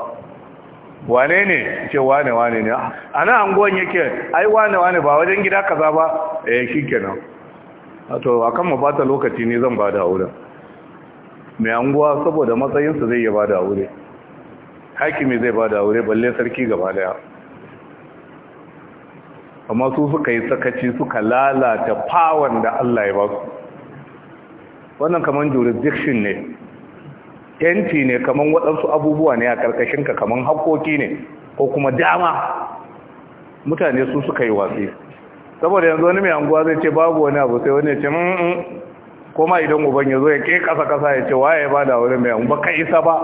wane ne ce wane wane ne a nan unguwar yake ai wane wane ba wajen gida kaza ba eh shikenan to a kan bata lokaci ne zan ba da auren mai anguwa saboda matsayinsa zai yi ba aure hakimi zai bada da aure balle sarki gaba daya amma su suka yi sakaci suka lalata fawon da Allah ya ba su wannan kamar jurisdiction ne yanci ne kamar waɗansu abubuwa ne a ƙarƙashinka kaman haƙoƙi ne ko kuma dama mutane su suka yi watsi saboda yanzu wani mai anguwa zai ce babu wani abu sai wani ya ce mm, mm. koma idan uban ya zo ya ke kasa kasa ya ce waye ba da wani mai anguwa ka isa ba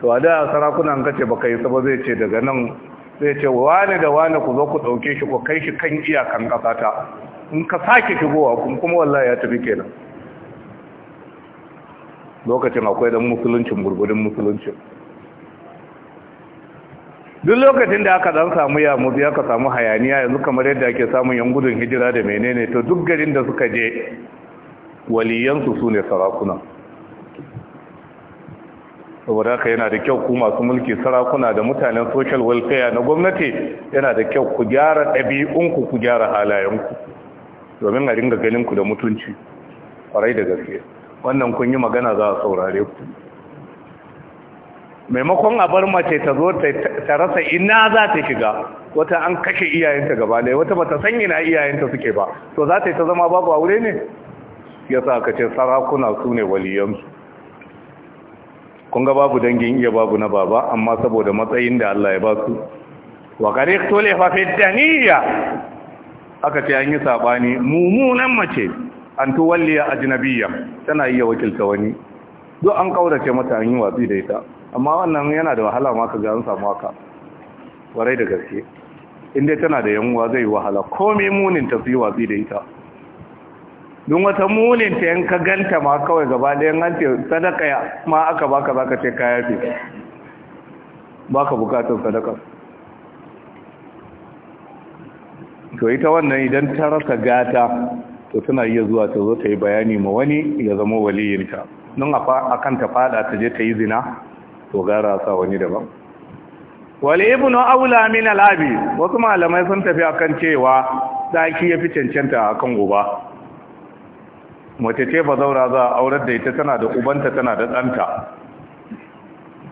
to a da sarakunan kace baka isa ba zai ce daga nan zai ce wani da wani ku zo ku ɗauke shi ku kai shi kan iyakan kasa ta in ka sake shigowa kuma wallahi ya tafi kenan lokacin akwai dan musuluncin gurgudun musuluncin duk lokacin da aka dan samu yamuzi aka samu hayaniya yanzu kamar yadda ake samun yan gudun hijira da menene to duk garin da suka je waliyansu su ne sarakuna saboda haka yana da kyau ku masu mulki sarakuna da mutanen social welfare na gwamnati yana da kyau ku gyara ɗabi'unku ku gyara halayenku domin a ringa ganinku da mutunci kwarai da gaske wannan kun yi magana za a saurare ku maimakon a bar mace ta zo ta rasa ina za ta shiga wata an kashe iyayenta gaba ɗaya wata bata san yana iyayenta suke ba to za ta yi ta zama babu aure ne ya sa ka ce sarakuna su ne waliyansu kun babu dangin iya babu na baba amma saboda matsayin da Allah ya ba su wa gare tole fa daniya aka ce an yi sabani mumunan mace an tuwalliya ajnabiyya tana iya wakilta wani duk an kaurace mata an yi watsi da ita amma wannan yana da wahala ma ka ga an samu haka warai da gaske inda tana da yanwa zai wahala komai munin ta su yi watsi da ita don wata munin ta yan ka ganta ma kawai gaba da an ce sadaka ya? ma aka baka zaka ce kaya ce baka bukatun sadaka to ita wannan idan ta rasa gata to tana iya zuwa ta zo ta yi bayani ma wani ya zama waliyinta don a kan ta fada ta je ta yi zina to gara sa wani daban wal ibnu aula min al abi wasu malamai sun tafi akan cewa daki yafi cancanta akan goba mace ce ba zaura za a aurar da ita tana da ubanta tana da danta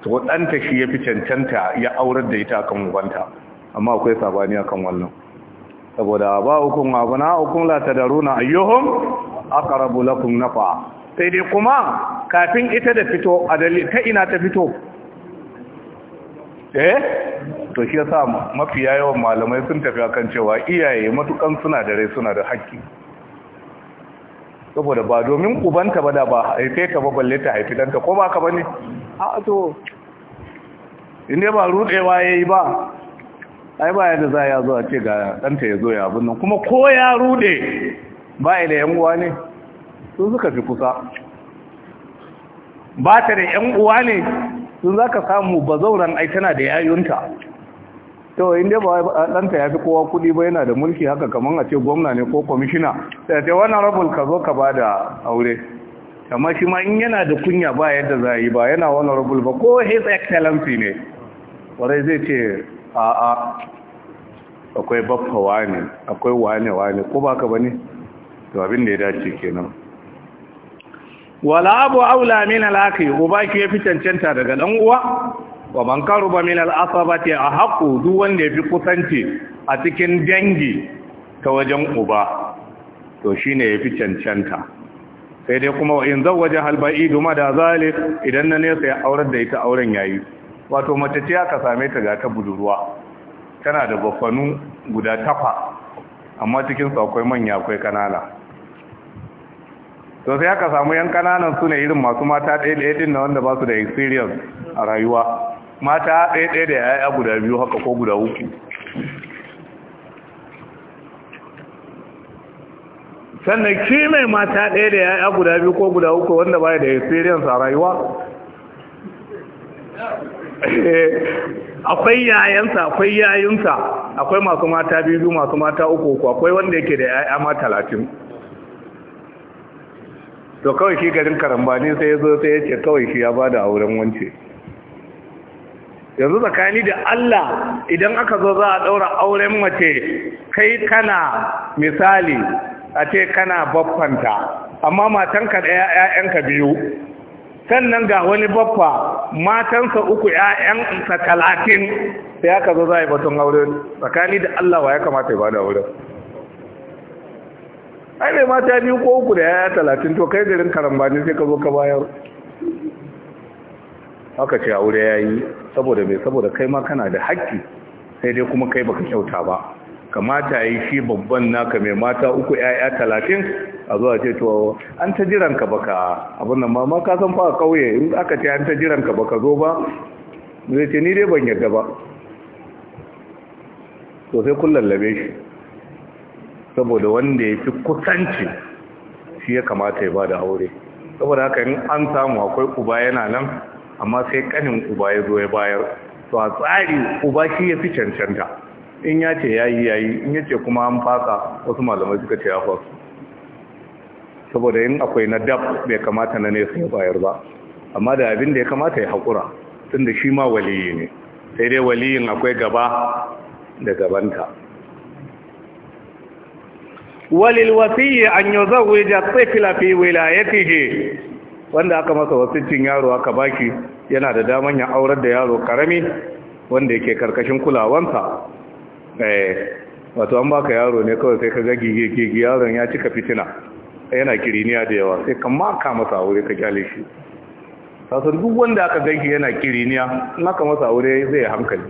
to danta shi yafi cancanta ya aurar da ita akan ubanta amma akwai sabani akan wannan saboda ba hukun abuna hukun la tadaruna ayyuhum aqrabu lakum nafa sai dai kuma kafin ita da fito a dalil ta ina ta fito eh to shi yasa mafiya yawan malamai sun tafi akan cewa iyaye matukan suna da rai suna da haƙƙi saboda ba domin ubanta ba da ba haife ka ba balle ta haifi danka ko ba ka bane a to inda ba rudewa yayi ba ai ba yadda za ya zo a ce ga danta ya zo ya abin nan kuma ko ya rude ba ila yan uwa ne sun suka fi kusa ba ta da ‘yan uwa ne sun za ka samu ba zauren ai tana da yayunta to inda ba ɗanta ya fi kowa kuɗi ba yana da mulki haka kamar a ce gwamna ne ko kwamishina Ta ce wani rabul ka zo ka ba da aure amma shi ma in yana da kunya ba yadda za yi ba yana wani rabul ba ko his excellency ne warai zai ce a'a akwai baffa wane akwai wane wane ko ba ka ba ne to abin da ya dace kenan wala abu aula min al uba ki yafi cancanta daga dan uwa wa man qaruba min al-asabati ahqu duk wanda yafi kusanci a cikin dangi ta wajen uba to shine yafi cancanta sai dai kuma in zawaja al-ba'idu ma da zalik idan na sai aurar da ita auren yayi wato mace ce aka same ta ga ta budurwa tana da bafanu guda tafa, amma cikin sakwai manya akwai kanana to sai aka samu yan kananan su ne irin masu mata ɗaya ɗaya ɗin na wanda ba su da experience a rayuwa mata ɗaya ɗaya da ya'ya guda biyu haka ko guda uku sannan shi mai mata ɗaya da ya'ya guda biyu ko guda uku wanda ba da experience a rayuwa akwai yayansa akwai yayinsa akwai masu mata biyu masu mata uku akwai wanda yake da ya'ya ma talatin to kawai shi garin karambani sai ya zo sai ya ce kawai shi ya ba da auren wance yanzu tsakani da Allah idan aka zo za a ɗaura auren mace kai kana misali a ce kana baffanta amma matanka ɗaya ‘ya'yanka biyu sannan ga wani baffa matansa uku ‘ya'yansa talatin sai aka zo za a yi batun auren. tsakani da Allah wa ya kamata ya ba da auren ai mai mata biyu ko uku da yaya talatin to kai garin karambani sai ka zo ka bayar haka ce aure ya yi saboda mai saboda kai ma kana da haƙƙi sai dai kuma kai baka kyauta ba kamata yi shi babban naka mai mata uku yaya talatin a zuwa ce to an ta jiran ka baka abin nan ma ka san fa a in aka ce an ta jiran ka baka zo ba zai ce ni dai ban yarda ba to sai kun lallabe shi saboda wanda ya fi kusanci shi ya kamata ya ba da aure saboda haka yin an samu akwai uba yana nan amma sai kanin uba ya zo ya bayar to a tsari uba shi ya fi cancanta in ya ce ya yi ya yi in ya ce kuma an fasa wasu malamai suka ce ya fasu saboda yin akwai na dab bai kamata na nesa ya bayar ba amma da abin da ya kamata ya haƙura tun da shi ma waliyi ne sai dai waliyin akwai gaba da gabanta walilwasiyyi an yuzawwija tifla fi wilayatihi wanda aka masa wasiccin yaro aka baki yana da daman ya aurar da yaro karami wanda yake karkashin kulawansa wato an baka yaro ne kawai sai ka ga gige yaron ya cika fitina yana kiriniya da yawa sai ka maka masa aure ka kyale shi sasa duk wanda aka ganki yana kiriniya maka masa aure zai hankali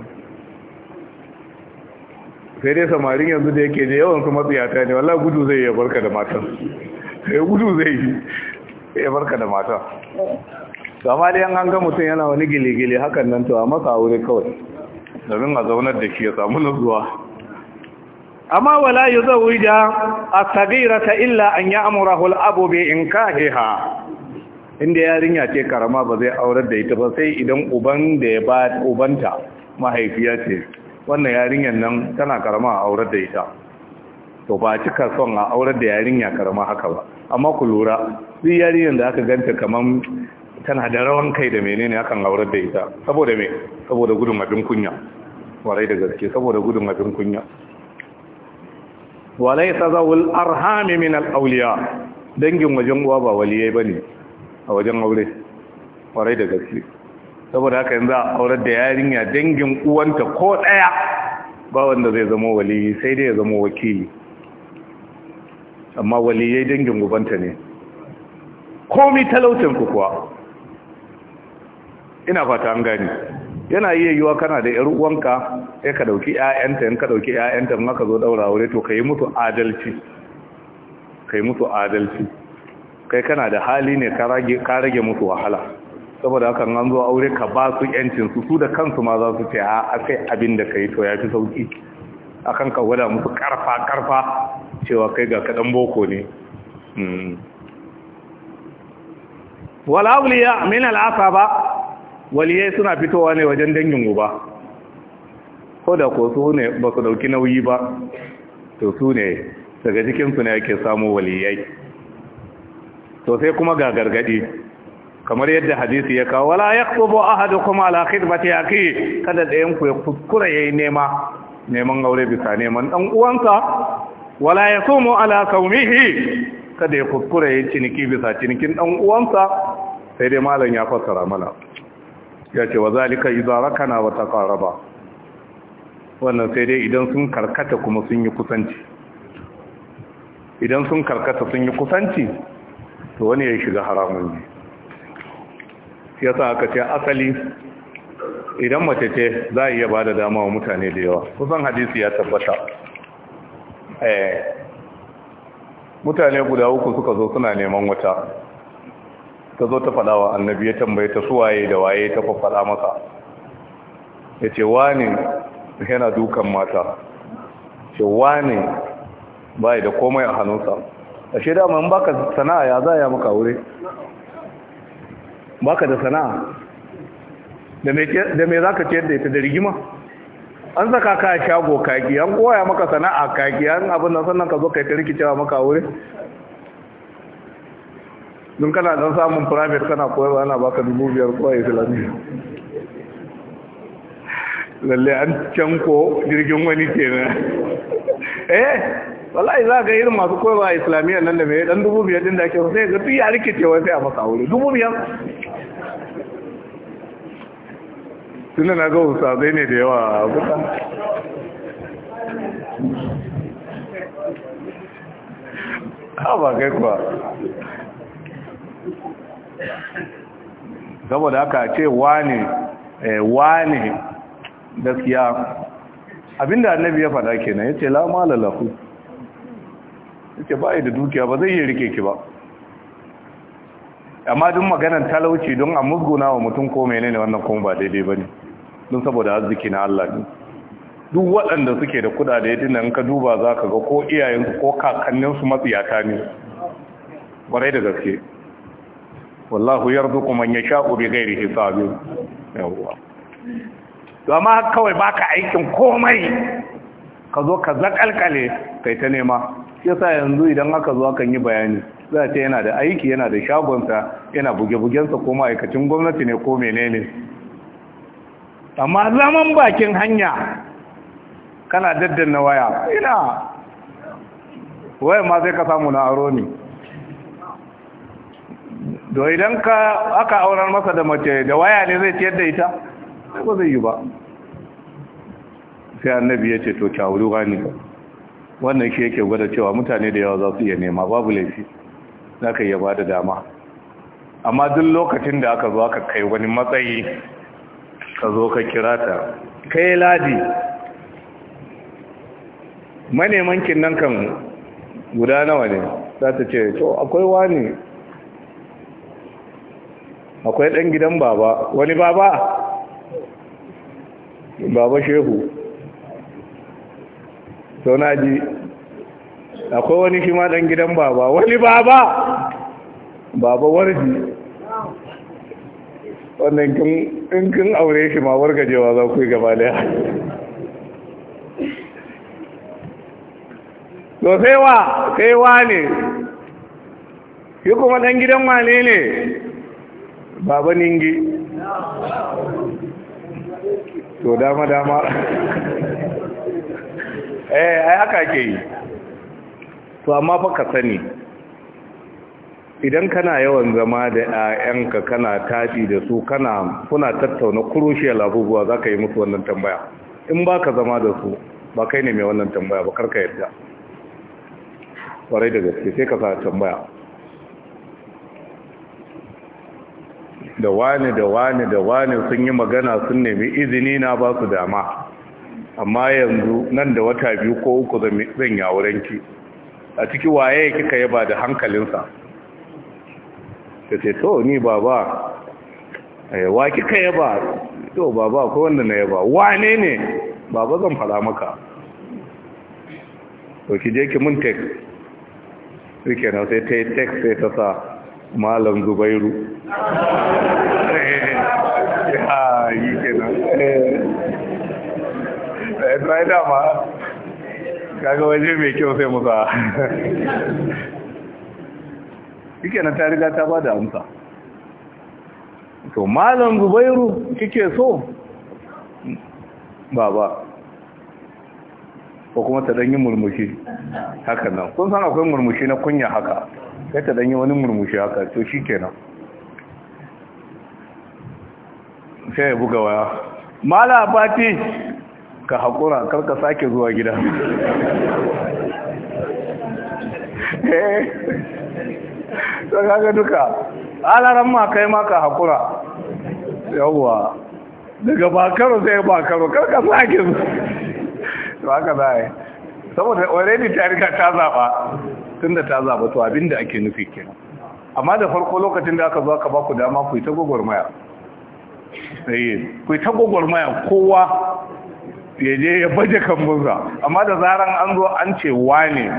sai dai samarin yanzu da yake da yawan su matsiyata ne wallah gudu zai ya barka da matan sai eh, gudu zai ya barka da matan to amma dai an ga mutum yana wani giligili hakan nan to a masa aure kawai domin a zaunar da shi ya samu nutsuwa amma wala yuzawija as-saghirata illa an ya'murahu al-abu bi inkahiha inda yarinya ce karama ba zai aurar da ita ba sai idan uban da ya ba ubanta mahaifiya ce wannan yarinyar nan tana karama a aurar da ita to ba cika son a aurar da yarinya karama haka ba amma ku lura duk yarinyar da aka ganta kaman tana da rawan kai da menene akan aurar da ita saboda me saboda gudun abin kunya warai da gaske saboda gudun abin kunya walai sazawul arham min al-awliya dangin wajen uwa ba waliyai bane a wajen aure warai da gaske saboda haka yanzu a aurar da yarinya dangin uwanta ko ɗaya ba wanda zai zama waliyi sai dai ya zama wakili amma waliyai dangin gubanta ne komi ku kuwa ina fata an gani yana iya yiwa kana da yar uwanka sai ka dauki ƴaƴanta in ka dauki ƴaƴanta in ka zo daura aure to kai mutu adalci kai mutu adalci kai kana da hali ne ka rage ka rage mutu wahala saboda hakan an zo aure ka ba su yancin su su da kansu ma za su ce a sai abin da kai to ya fi sauki akan ka gwada musu karfa karfa cewa kai ga kadan boko ne hmm. wal awliya min al asaba waliyai suna fitowa ne wajen dangin uba ko da ko su ne ba su dauki nauyi ba to su ne daga cikin su ne ake samu waliyai to sai kuma ga gargadi kamar yadda hadisi ya kawo wala yaqtubu ahadukum ala khidmati akhi kada da yanku ya kuskura yayi nema neman aure bisa neman dan uwansa wala yasumu ala sawmihi kada ya kuskura yayi ciniki bisa cinikin dan uwansa sai dai malam ya fassara mana ya ce wa zalika idza rakana wa taqaraba wannan sai dai idan sun karkata kuma sun yi kusanci idan sun karkata sun yi kusanci to wani ya shiga haramun ne shi yasa aka ce asali idan mace ce za a iya bada dama wa mutane da yawa kusan hadisi ya tabbata eh, mutane guda uku suka zo suna neman wata ta zo ta faɗa annabi ya tambaye ta suwaye da waye ta faɗa masa ya ce wani yana dukan mata ce wani bai da komai a hannunsa a shida mai baka sana'a ya za ya maka wuri baka da sana'a da me za ka ciyar da ita da rigima an saka ka a shago kaki an koya maka sana'a kaki an abin nan sannan ka zo ka yi ta rikicewa maka wuri don kana don samun private kana koyarwa ana baka dubu biyar kowa islamiyya lalle an can ko jirgin wani kenan eh wallahi za ga irin masu koyarwa islamiyyar nan da mai dan dubu biyar din da ake sai ga duk ya rikice wai sai a masa aure dubu biyar tunda na ga zai ne da yawa a kusa ha ba kai kuwa saboda haka ce wane eh, wane gaskiya abinda annabi ya faɗa kenan yace la malalahu suke ba da dukiya ba zai yi rike ki ba amma duk maganar talauci don a musguna wa mutum ko mene ne wannan kuma ba daidai ba ne don saboda arziki na Allah ne duk waɗanda suke da kudade ya tunan ka duba za ka ga ko iyayensu ko kakanninsu matsiyata ne ƙwarai da gaske wallahu ya rzu kuma ya sha gairi hisabi yawwa zama kawai baka aikin komai ka zo ka zakalkale kai ta nema yasa yanzu idan aka zo kan yi bayani za ta yana da aiki yana da shagonsa yana buge-bugensa ko ma'aikacin gwamnati ne ko menene amma zaman bakin hanya kana daddana waya ina waya ma zai ka samu na aro ne do idan ka aka aurar masa da mace da waya ne zai ciyar da ita ko zai yi ba sai annabi ya ce to kyawuru gani wannan shi yake gwada cewa mutane da yawa za su iya nema babu laifi za ka iya ba da dama amma duk lokacin da aka zo aka kai wani matsayi ka zo ka kira ta kai ladi manemankin nan kan guda nawa ne za ta ce to akwai wani akwai ɗan gidan baba wani baba baba shehu sauna na ji akwai wani shi ma ɗan gidan baba wani baba baba warji wannan in kin aure shi ma wargajewa za ku yi gaba daya to sai wa sai wa ne shi kuma ɗan gidan wane ne baba ningi to dama dama eh ai haka ke yi to amma fa ka sani idan kana yawan zama da ƴaƴanka kana tashi da su kana kuna tattauna kurushe abubuwa za ka yi musu wannan tambaya in ba ka zama da su ba kai ne mai wannan tambaya ba karka yadda ƙwarai da gaske sai ka sa tambaya da wani da wani da wani sun yi magana sun nemi izini na ba su dama amma yanzu nan da wata biyu ko uku zan yawuranki a ciki waye kika yaba da hankalinsa ta ce to ni baba eh, wa kika yaba to baba ko wanda na yaba wane ne baba zan fara maka to ki je ki mun tek suke na sai ta yi tek sai ta sa malam zubairu eh, eh, yi dama kaga waje mai kyau sai za Kike na ta riga ta ba da amsa to malam zubairu kike so baba ko kuma ta danyi murmushi haka nan kun san akwai murmushi na kunya haka sai ta danyi wani murmushi haka to shikenan sai ya buga waya mala Fati. ka haƙura karka sake zuwa gida eh, to kaga duka alaran ma kai ma ka haƙura yawwa daga bakaro zai bakaro karka sake zuwa ba ka zai saboda already ta riga ta zaɓa tun da ta zaɓa to abinda ake nufi kenan amma da farko lokacin da aka zuwa ka baku dama ku yi ta gwagwarmaya eh, ku yi ta gwagwarmaya kowa ya ya baje kambunsa amma da zaran an zo an ce wane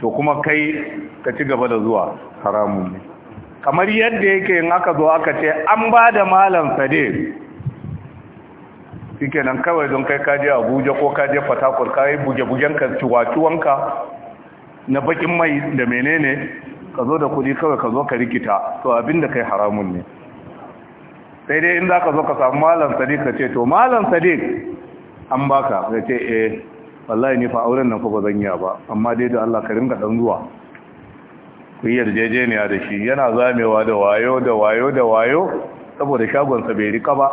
to kuma kai ka ci gaba da zuwa haramun ne kamar yadda yake in aka zo aka ce an ba da malam sade shike nan kawai don kai kaje abuja ko kaje fatakur kayi buge-bugen ka ciwaciwanka na bakin mai da menene ka zo da kudi kawai ka zo ka rikita to abinda kai haramun ne sai dai in za ka zo ka samu malam sadiq ka ce to malam sadiq an baka ya ce eh wallahi ni fa auren nan fa ba zan yi ba amma dai da Allah ka ringa dan zuwa ku yi yarjejeniya da shi yana zamewa da wayo da wayo da wayo saboda shagonsa bai rika ba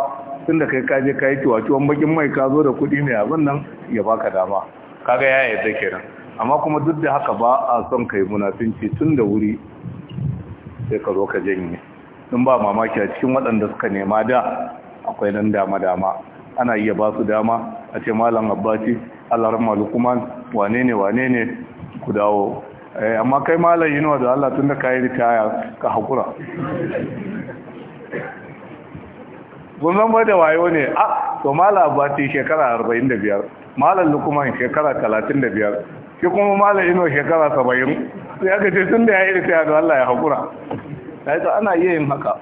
Tunda kai ka je ka yi tuwan bakin mai ka zo da kuɗi mai abin nan ya baka dama kaga ya yadda kenan amma kuma duk da haka ba a son kai munafinci tun da wuri sai ka zo ka janye in ba mamaki a cikin waɗanda suka nema da akwai nan dama-dama ana iya ba su dama a ce malam abbaci alarar malukuman wane ne wane ne ku dawo eh, amma kai malam yi da allah tun da kayi ritaya ka haƙura kun bai da wayo ne a ah, to malam abbaci shekara 45 malam lukuman shekara 35 shi kuma malam ino shekara 70 sai aka ce tun da ya yi ritaya da allah ya haƙura kaga ana iya yin haka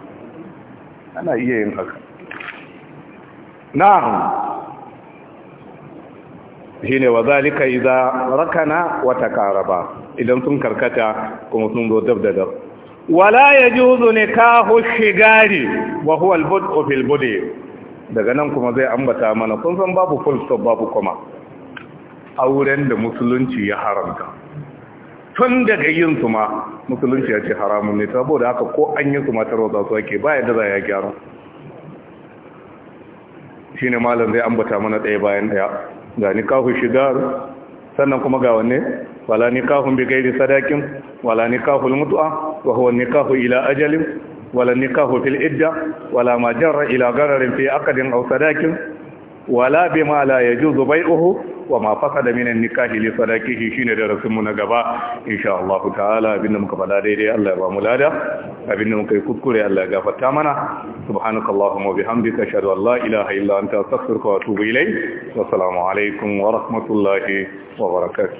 ana iya yin haka na shine wa zalika idza rakana wa takaraba idan sun karkata kuma sun zo dab da dab wala yajuzu nikahu shigari wa huwa al fil bud'i daga nan kuma zai ambata mana kun san babu full babu kuma auren da musulunci ya haramta tun daga yin su ma musulunci ya ce haramun ne saboda haka ko an yi su matar za su ake ba yadda za ya gyara shi ne malam zai ambata mana ɗaya bayan ɗaya ga ni kahu shigar sannan kuma ga wanne wala ni kahun bi gairi sadakin wala ni kahul mutu'a wa huwa ni kahu ila ajalin wala ni kahu fil idda wala ma jarra ila gararin fi akadin aw sadakin wala bima la yajuzu bai'uhu wa ma da minan nikahi li sadaqihi shine darasin mu na gaba insha Allah ta'ala abinda muka fada daidai Allah ya ba mu lada abinda muka yi kuskure Allah ya gafarta mana subhanakallahumma wa bihamdika ashhadu an la ilaha illa anta astaghfiruka wa atubu ilayk wa assalamu alaikum wa rahmatullahi wa barakatuh